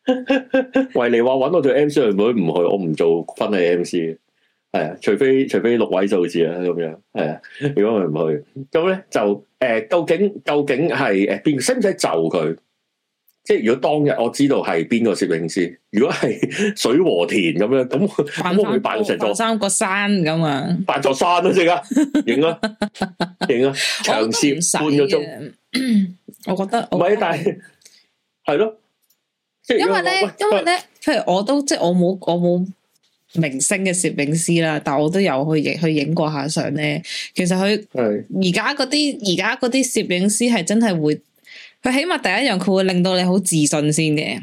維 你話搵我做 MC 會唔會唔去？我唔做婚禮 MC 係啊，除非除非六位數字啊，咁樣係啊，如果佢唔去，咁咧，就誒、欸，究竟究竟係誒邊，使唔使就佢？即係如果當日我知道係邊個攝影師，如果係水和田咁樣，咁可唔可以扮成座三個山咁啊？扮座山都即係啊，影啊，影啊，長線半個鐘，我覺得唔係，但係係咯。因為咧，因為咧，譬如我都即係我冇我冇明星嘅攝影師啦，但我都有去影去影過下相咧。其實佢而家嗰啲而家嗰啲攝影師係真係會，佢起碼第一樣佢會令到你好自信先嘅。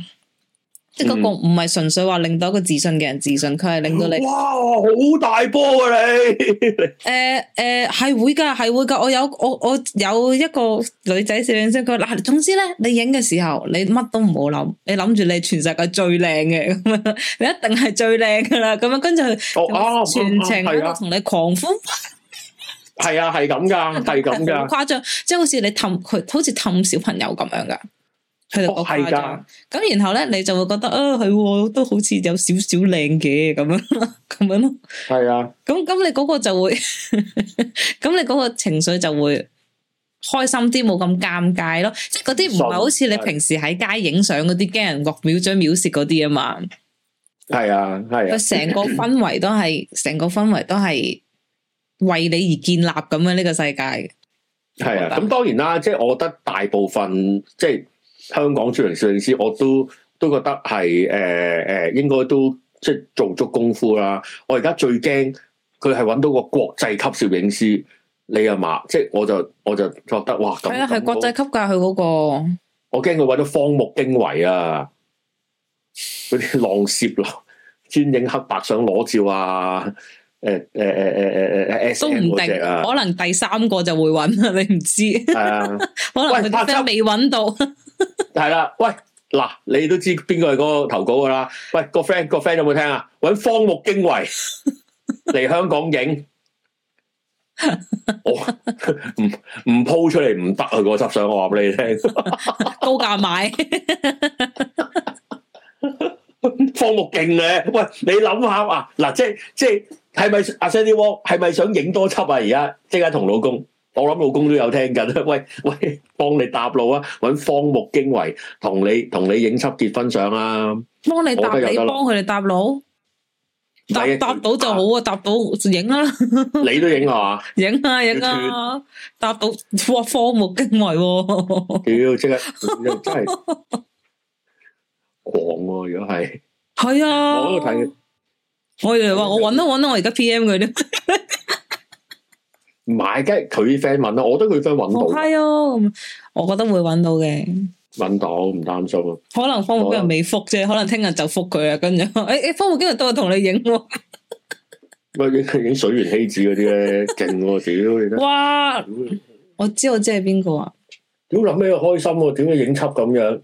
即係嗰個唔係純粹話令到一個自信嘅人自信，佢係令到你。哇，好大波啊！你。誒 誒、欸，係、欸、會噶，係會噶。我有我我有一個女仔攝影師，佢嗱，總之咧，你影嘅時候，你乜都唔好諗，你諗住你係全世界最靚嘅， 你一定係最靚噶啦。咁樣跟住，全程喺度同你狂歡。係、哦哦哦、 啊，係咁噶，係咁噶，好誇張，即係好似你氹佢，好似氹小朋友咁樣噶。係噶，咁然後咧，你就會覺得啊，佢都好似有少少靚嘅咁樣，咁樣咯。係啊，咁咁你嗰個就會，咁你嗰個情緒就會開心啲，冇咁尷尬咯。即係嗰啲唔係好似你平時喺街影相嗰啲驚人惡藐嘴藐舌嗰啲啊嘛。係啊，係。佢成個氛圍都係，成個氛圍都係為你而建立咁樣呢個世界。係啊，咁當然啦，即係我覺得大部分即係。香港專業攝影師，我都都覺得係誒誒，應該都即係做足功夫啦。我而家最驚佢係搵到個國際級攝影師，你阿嘛？即係我就我就覺得哇！係啊，係國際級㗎佢嗰個。我驚佢搵到荒木經惟啊，嗰啲浪攝專影黑白相裸照啊，誒誒誒誒誒誒誒，欸欸 SM、都唔定、那個啊，可能第三個就會搵，你唔知道。係啊， 可能佢哋未搵到。係 啦，啦，喂，嗱、那個，你都知邊個係嗰個投稿噶啦？喂，個 friend 個 friend 有冇聽啊？搵方木經緯嚟香港影，唔唔 post 出嚟唔得啊！嗰輯相我話俾你聽， 高價價買， 方木勁嘅、啊。喂，你諗下啊，嗱，即係即係係咪阿 Sandy Wong 係咪想影多輯啊？而家即刻同老公。我諗老公都有聽緊，喂喂，幫你搭路啊！搵荒木經惟同你同你影輯結婚相啊！幫你搭你幫佢哋搭路，搭搭到就好到到啊，啊，啊，啊，啊，啊！搭到影啊！你都影係嘛？影啊影啊！搭到哇，荒木經惟、啊，屌即刻， 刻，刻，真係狂喎！如果係係啊，我喺度睇，我以為話我搵都搵到我而家 P M 佢咧。 唔係，梗係佢 friend 問啦，我都佢 friend 搵到。係、哦、啊、哦，我覺得會搵到嘅，搵到唔擔心。可能方浩今日未復啫， 可能聽日就復佢、哎、啊。跟住，誒，方浩今日都係同你影，喂，影影水原希子嗰啲咧，勁喎、啊，屌 你都。哇！我知道我知係邊個啊？屌諗咩開心喎？點解影輯咁樣？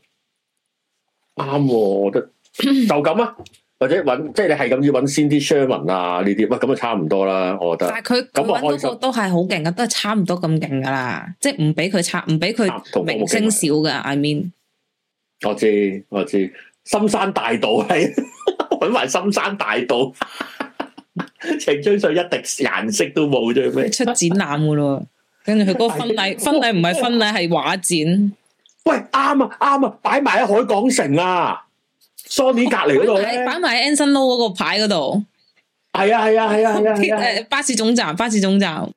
啱 喎、啊，我覺得就咁啊。 或者即係你係咁要揾先啲 s h a r e m 啊，呢啲，喂，咁啊差唔多啦，我覺得。但係佢揾到都係好勁嘅，都係差唔多咁勁噶啦，即係唔俾佢差，唔俾佢明星少嘅。I mean，我知我知，深山大道係揾埋深山大道，整追上一滴顏色都冇啫咩？出展覽噶咯，跟住佢嗰個婚禮，婚禮唔係婚禮係畫展。喂，啱啊啱啊，擺埋喺海港城啊！Sony 隔籬嗰度咧，擺埋喺 Anson Lo 嗰個牌嗰度，係啊係啊係啊係啊！誒、啊啊啊啊啊，巴士總站，巴士總站，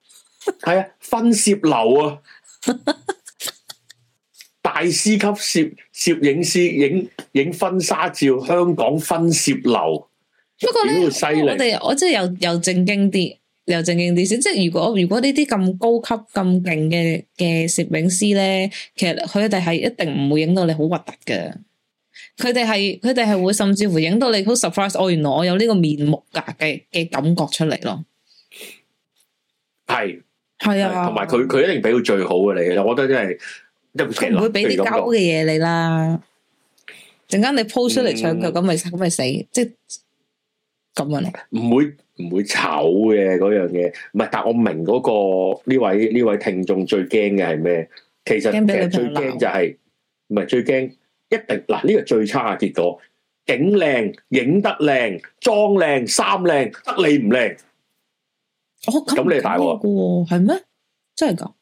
係啊，婚攝樓啊， 大師級攝攝影師影影婚紗照，香港婚攝樓。不過咧，我哋我即係又又正經啲，又正經啲先。即係如果如果呢啲咁高級咁勁嘅嘅攝影師咧，其實佢哋係一定唔會影到你好核突㗎。佢哋係佢哋係會甚至乎影到你好 surprise，哦，我原來我有呢個面目噶嘅嘅感覺出嚟咯。係係啊，同埋佢佢一定俾到最好嘅你，我覺得真係。唔會俾啲膠嘅嘢你啦。陣間你鋪出嚟唱佢，咁咪咁咪死，即係咁樣。唔會唔會醜嘅嗰樣嘢，唔係。但係我明嗰個呢位呢位聽眾最驚嘅係咩？其實其實最驚就係唔係最驚。一定嗱，呢、這個最差嘅結果，景靚影得靚，裝靚衫靚，得你唔靚哦。咁你大話係咩？真係咁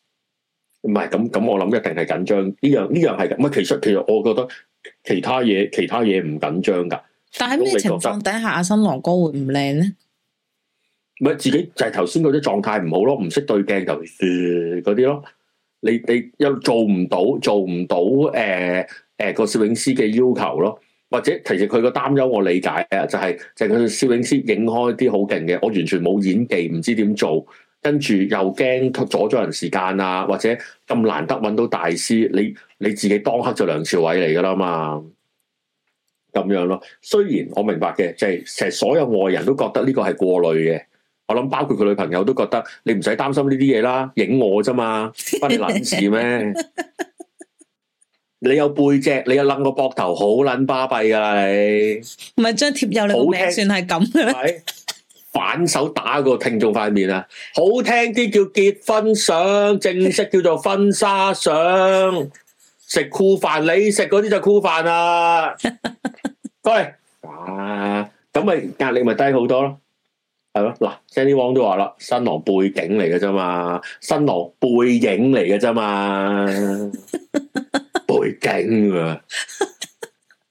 唔係咁咁？我諗一定係緊張呢樣呢樣係咁。咁其實其實我覺得其他嘢其他嘢唔緊張噶。但係咩情況底下，阿新郎哥會唔靚咧？咪自己就係頭先嗰啲狀態唔好咯，唔識對鏡頭，又是嗰啲咯。你你又做唔到，做唔到誒。呃誒，個攝影師嘅要求咯，或者其實佢個擔憂我理解啊，就係就係佢攝影師影開啲好勁嘅，我完全冇演技，唔知點做，跟住又驚阻咗人時間啊，或者咁難得揾到大師，你你自己當刻就梁朝偉嚟㗎啦嘛，咁樣咯。雖然我明白嘅，就係成所有外人都覺得呢個係過濾嘅，我諗包括佢女朋友都覺得你唔使擔心呢啲嘢啦，影我啫嘛，關你撚事咩？ 你有背脊，你有掹個膊頭，好撚巴閉噶啦你，唔係張貼有你名算係咁嘅咩？反手打個聽眾塊面啊！好聽啲叫結婚相，正式叫做婚紗相，食酷飯你食嗰啲就酷飯啦。哥、 哎，咁咪壓力咪低好多咯，係咯嗱？Sandy Wong 都話啦，新郎背景嚟嘅啫嘛，新郎背影嚟嘅啫嘛。 啊！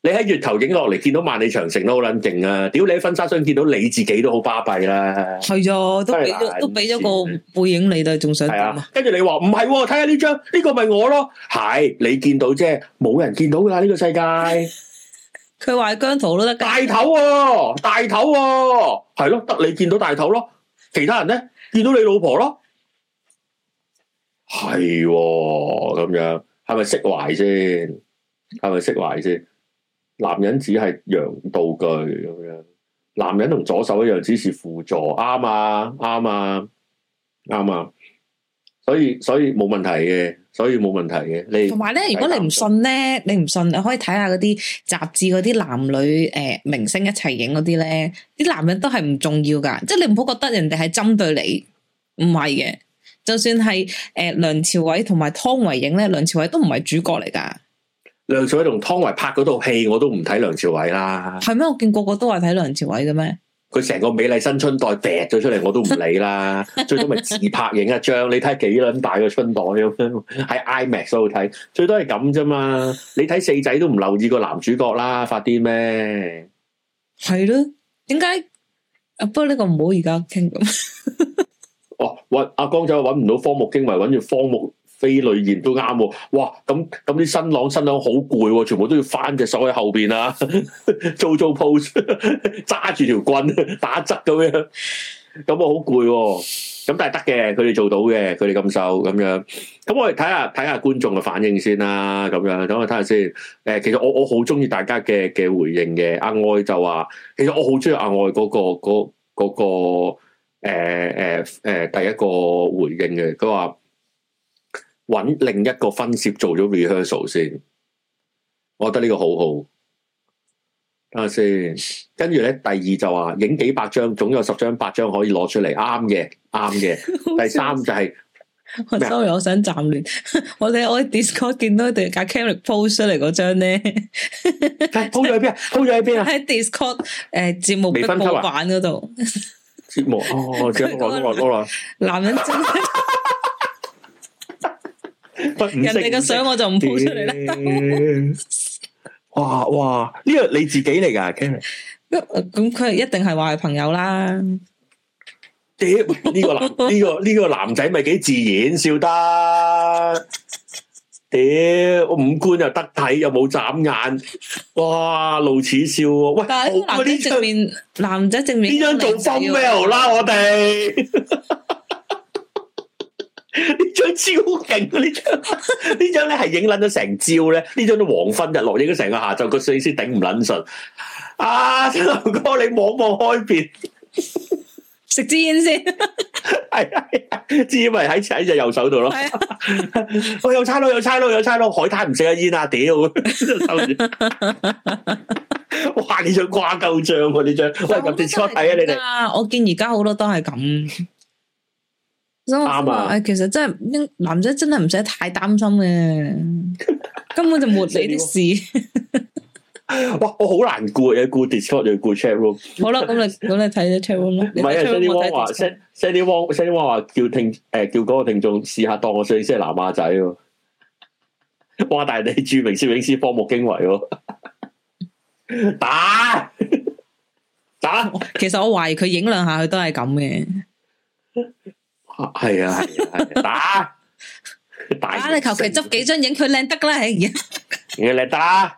你喺月頭影落嚟，見到萬里長城都好捻勁啊！屌你喺婚紗相見到你自己都好巴閉啦！係啊，都俾咗，都俾咗個背影你，都仲想點啊？跟住你話唔係，睇下呢張呢個咪我咯？係你見到啫，冇人見到噶啦呢個世界。佢 話姜濤都得大頭喎，啊，大頭喎，係咯，得你見到大頭咯，其他人咧見到你老婆咯，係咁樣。係咪釋懷先？係咪釋懷先？男人只係羊道具咁樣，男人同左手一樣，只是輔助，啱啊，啱啊，啱啊。所以所以冇問題嘅，所以冇問題嘅。你同埋咧，如果你唔信咧，你唔信你可以睇下嗰啲雜誌嗰啲男女誒、呃、明星一齊影嗰啲咧，啲男人都係唔重要噶，即係你唔好覺得人哋係針對你，唔係嘅。就算係誒，梁朝偉同埋湯唯影咧，梁朝偉都唔係主角嚟噶。梁朝偉同湯唯拍嗰套戲，我都唔睇梁朝偉啦。係咩？我見個個都話睇梁朝偉嘅咩？佢成個美麗新春袋劈咗出嚟，我都唔理啦。 最多咪自拍影一張，你睇幾卵大個春袋咁樣喺 imax 度睇，最多係咁啫嘛。你睇四仔都唔留意個男主角啦，發啲咩？係咯？點解？不過呢個唔好而家傾咁。 哇！阿江仔揾唔到荒木經緯，揾住荒木飛呂彥都啱喎。哇！咁咁啲新郎新郎好攰喎，全部都要翻隻手喺後邊啦、啊、做做 pose，揸住條棍打側咁樣，樣，咁我好攰喎。咁但係得嘅，佢哋做到嘅，佢哋咁瘦咁樣。咁我哋睇下睇下觀眾嘅反應先啦、啊、咁樣等我睇下先。誒、欸，其實我我好中意大家嘅嘅回應嘅。阿愛就話，其實我好中意阿愛嗰個嗰個。誒誒誒，第一個回應嘅，佢話揾另一個婚攝做咗 rehearsal 先，我覺得呢個好好，等下先。跟住咧，第二就話影幾百張，總有十張、八張可以攞出嚟，啱嘅，啱嘅。 第三就係、是、 ，sorry，我想暫停。我喺我 Discord 見到佢哋架 camera post 出嚟嗰張咧 post 咗喺邊啊 post 咗喺邊啊？喺、啊、Discord 誒、呃、節目播版嗰度。折磨哦男！男人真係， 人哋嘅相我就唔 po 出嚟啦。 哇哇！呢個你自己嚟㗎，咁佢一定係話係朋友啦。呢 個男呢、呢個呢、呢個男仔咪幾自然的笑得？屌，哎，我五官又得體，又冇眨眼，哇，露齒笑喎、啊！喂，我呢張男仔正面，啊、男仔正面，呢張做心 o w l 啦，啊、我哋呢 張超勁、啊，呢張呢 張咧係影捻咗成朝咧，呢張都黃昏日落影咗成個下晝，個攝影師頂唔捻順。啊，劉哥，哥，你望望開邊。 食支煙先， 係 啊，支煙咪喺喺隻右手度咯。我有差佬，有差佬，有差佬。海灘唔食得煙啊！屌，哇！你想掛夠脹喎，你張，我係咁點睇啊？你哋啊，我見而家好多都係咁，啱以、哎、其實真係男仔真係唔使太擔心嘅， 根本就冇你啲事。 哇！我好難顧啊，有顧 discord 又有顧 check room。 好啦，咁你咁你睇 check room 咯。唔係啊 Sandy Wong 話，Sandy Wong，Sandy Wong 話叫聽誒，叫嗰個聽眾試下當個攝影師南亞仔。哇！但係你著名攝影師荒木經惟喎，打打。其實我懷疑佢影兩下，佢都係咁嘅。係啊係啊，打打。你求其執幾張影佢靚得啦，哎呀，影靚得啊！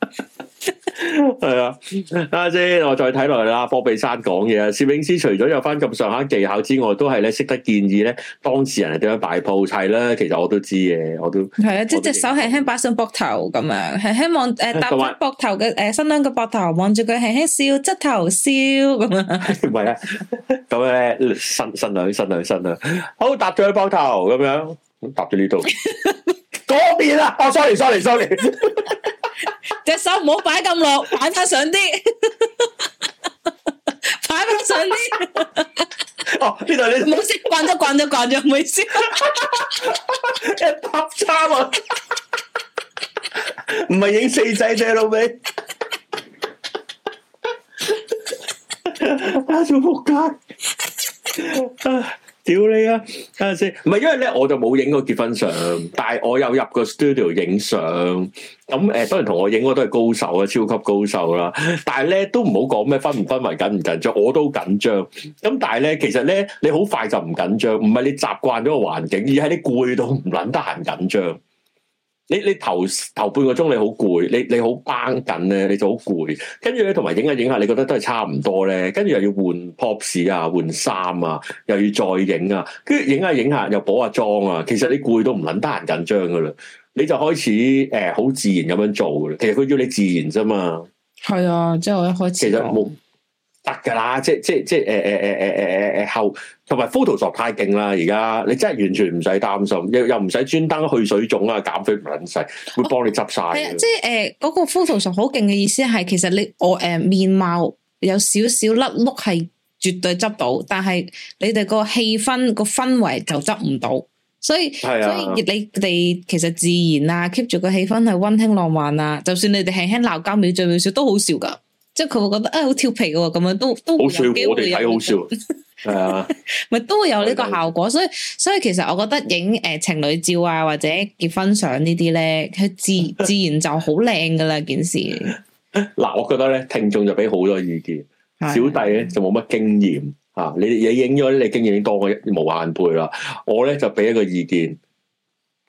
係 啊，等下先，我再睇落去啦。科比山講嘢，啊，攝影師除咗有翻咁上下技巧之外，都係咧識得建議咧當事人係點樣擺 p 砌啦。其實我都知嘅，我都係啊，即係隻手輕輕搭上膊頭咁樣，係希望誒搭住膊頭嘅誒新娘嘅膊頭望住佢輕輕笑，側頭笑咁樣。唔 係啊，咁咧新新娘新娘新娘，好搭住佢膊頭咁樣，搭住呢度，嗰 邊啊，哦 sorry sorry sorry。 隻手唔好擺咁落，擺翻上啲，擺翻上啲。哦，邊度你？唔好識慣咗，慣咗，慣咗，唔好識。一拍叉我，唔係影四仔車老味。阿朱撲街。屌你啊！等陣先，唔係因為咧，我就冇影過結婚相，但係我有入過 studio 影相。咁誒、呃，當然同我影我都係高手啊，超級高手啦。但係咧都唔好講咩分唔分圍緊唔緊張，我都緊張。咁但係咧，其實咧你好快就唔緊張，唔係你習慣咗個環境，而係你攰到唔捻得閒緊張。你你頭頭半個鐘你，你，你好攰，你你好繃緊咧，你就好攰。跟住咧，同埋影下影下，你覺得都係差唔多咧。跟住又要換 pose 啊，換衫啊，又要再影啊。跟住影下影下又補下妝啊。其實你攰都唔撚得閒緊張噶啦，你就開始誒好、呃、自然咁樣做噶啦。其實佢要你自然啫嘛。係啊，即係我一開始。其實冇。得噶啦，即係即係即係誒誒誒誒誒誒誒後，同埋 Photoshop 太勁啦！而家你真係完全唔使擔心，又又唔使專登去水腫啊，減肥唔使，會幫你執晒。係、哦、啊，即係誒嗰個 Photoshop 好勁嘅意思係，其實你我誒、呃、面貌有少少甩碌係絕對執到，但係你哋個氣氛、個氛圍就執唔到，所以、啊、所以你哋其實自然啊，keep 住個氣氛係温馨浪漫啊，就算你哋輕輕鬧交、眉笑眉笑都好笑噶。即佢會覺得啊好調皮嘅，咁樣都都好笑，我哋睇好笑係啊，咪 都會有呢個效果，所以所以其實我覺得影誒、呃、情侶照啊或者結婚相呢啲咧，佢自自然就好靚嘅啦件事。嗱，我覺得咧聽眾就俾好多意見，小弟咧就冇乜經驗吓，你你影咗你經驗已經多過無萬倍啦。我咧就俾一個意見，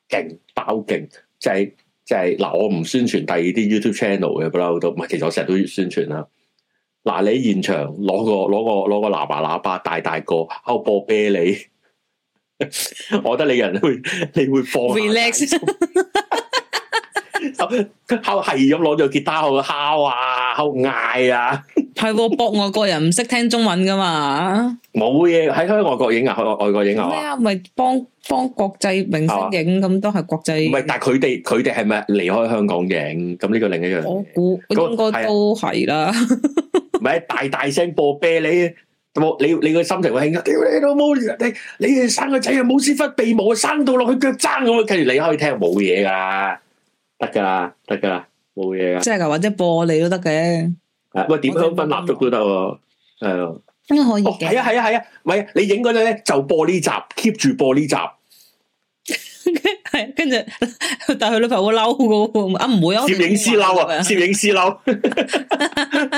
勁爆勁就係、是。就係嗱，我唔宣傳第二啲 YouTube channel 嘅，不嬲都唔係，其實我成日都宣傳啦。嗱、啊，你現場攞個攞個攞個喇叭喇叭，大大個喺度播啤你， 我覺得你人會你會放 relax。 敲係咁攞住吉他去敲啊，去嗌啊，係搏 外國人唔識聽中文噶嘛？冇嘢喺喺外國影啊，喺外國影啊，咩啊？咪幫幫國際明星影咁都係國際。唔係，但係佢哋佢哋係咪離開香港影？咁呢個另一樣。我估、嗰個、應該都係啦。唔係 大大聲播啤你，播你你個心情會興奮，屌 你老母你你哋生個仔又冇屎忽鼻毛，生到落去腳踭咁，跟住你可以聽冇嘢噶。得噶啦，得噶啦，冇嘢呀，即係或者播你都得嘅，喂、啊，點樣分立燭都得喎，係咯，應該可以嘅。係啊係啊係啊，唔係啊，啊，啊，啊，你影嗰啲咧就播呢集，keep 住播呢集。係跟住，但係佢女朋友會嬲噶，啊唔會啊，攝影師嬲啊，攝影師嬲，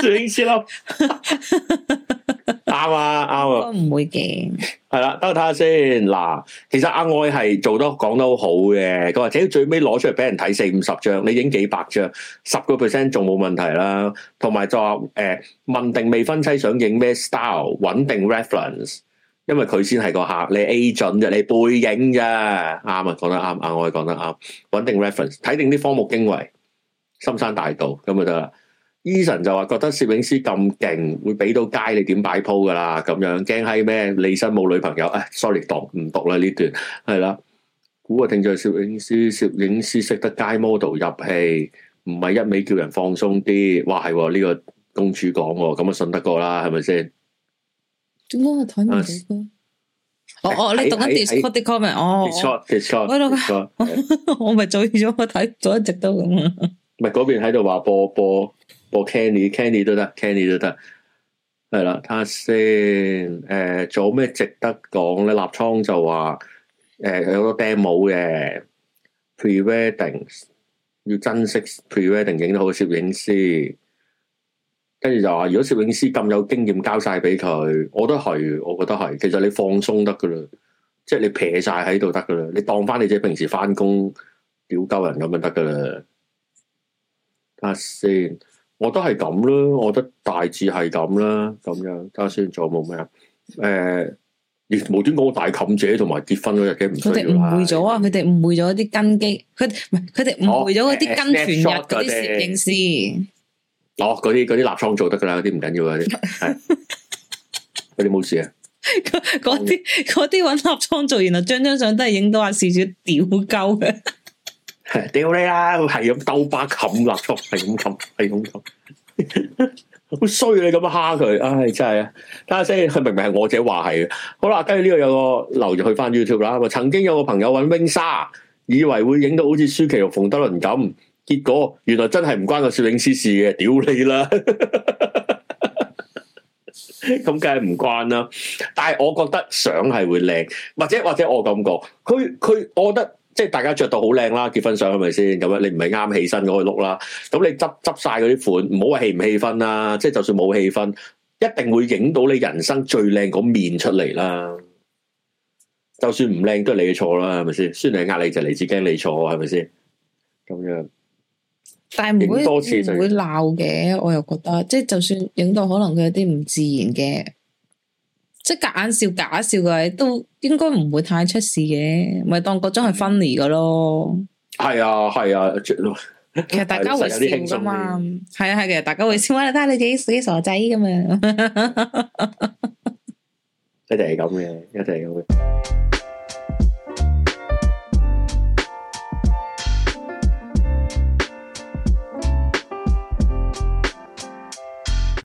攝影師嬲。 啱 啊，啱啊，都唔會嘅。係啦，等我睇下先。嗱，其實阿愛係做得講得好好嘅。佢話，屌最尾攞出嚟俾人睇四五十張，你影幾百張，十個 percent 仲冇問題啦。同埋作誒、呃、問定未婚妻想影咩 style，穩定 reference，因為佢先係個客，你 agent，啫，你背影啫。啱啊，講得啱。阿愛講得啱，穩定 reference，睇定啲荒木經惟，森山大道咁就得啦。Eason 就話覺得攝影師咁勁，會俾到街你點擺鋪噶啦，咁樣驚閪咩？你、hey、身冇女朋友？誒、哎、，sorry，讀唔讀啦呢段？係啦，估、嗯、個聽眾攝影師，攝影師識得街 model 入戲，唔係一味叫人放鬆啲。哇，係呢、這個公主講，咁啊信得過啦，係咪先？點解我睇唔到？哦、啊、哦，哦哎、你讀緊 discord 啲 comment 哦，discord，discord，我咪醉咗，我睇咗 一直都咁啊，係嗰邊喺度話播播。個 Canny，Canny 都得，Canny 都得，係啦。睇下先，誒做咩值得講咧？立倉就話，誒、呃、有好多 demo 嘅 pre-wedding，要珍惜 pre-wedding，影得好攝影師。跟住就話，如果攝影師咁有經驗，交晒俾佢，我都係，我覺得係。其實你放鬆得噶啦，即係你撇晒喺度得噶啦，你當翻你自己平時翻工屌鳩人咁就得噶啦。睇下先。看看我都係咁啦，我覺得大致係咁啦，咁樣家下先仲有冇咩啊？誒，亦冇點講大冚者，同埋結婚嗰日嘅，佢哋誤會咗啊！佢哋誤會咗啲根基，佢唔係佢哋誤會咗嗰啲跟團日嗰啲攝影師。哦，嗰啲啲立倉做得㗎喇，嗰啲唔緊要嗰啲，啲冇 事啊。嗰啲嗰啲揾立倉做，然後張張相都係影到阿事主屌鳩嘅。少少屌你啦！係咁兜巴冚笠咯，係咁冚，係咁冚，好衰你咁樣蝦佢，唉，真係啊！睇下先，佢明明係我自己話係嘅。好啦，跟住呢個有個留言去翻 YouTube 啦。曾經有個朋友搵溫莎，以為會影到好似舒淇同馮德倫咁，結果原來真係唔關個攝影師事嘅。屌你啦！咁梗係唔關啦，但係我覺得相係會靚，或者或者我咁講，佢佢我覺得。即係大家着到好靚啦，結婚相係咪先咁樣？你唔係啱起身嗰個 look 啦，咁你執執晒嗰啲款，唔好話氣唔氣氛啦。即係就算冇氣氛，一定會影到你人生最靚嗰面出嚟啦。就算唔靚都係你嘅錯啦，係咪先？孫女壓力就嚟自驚你錯，係咪先？咁樣，但係唔會唔、影多次就係、會鬧嘅，我又覺得，即係就算影到，可能佢有啲唔自然嘅。即係假笑假笑嘅，都應該唔會太出事嘅，咪當嗰種係分離嘅咯。係啊係啊，其實大家會笑㗎嘛。係啊係嘅，大家會笑，睇下你自己自己傻仔咁樣。一齊咁嘅，一齊咁嘅。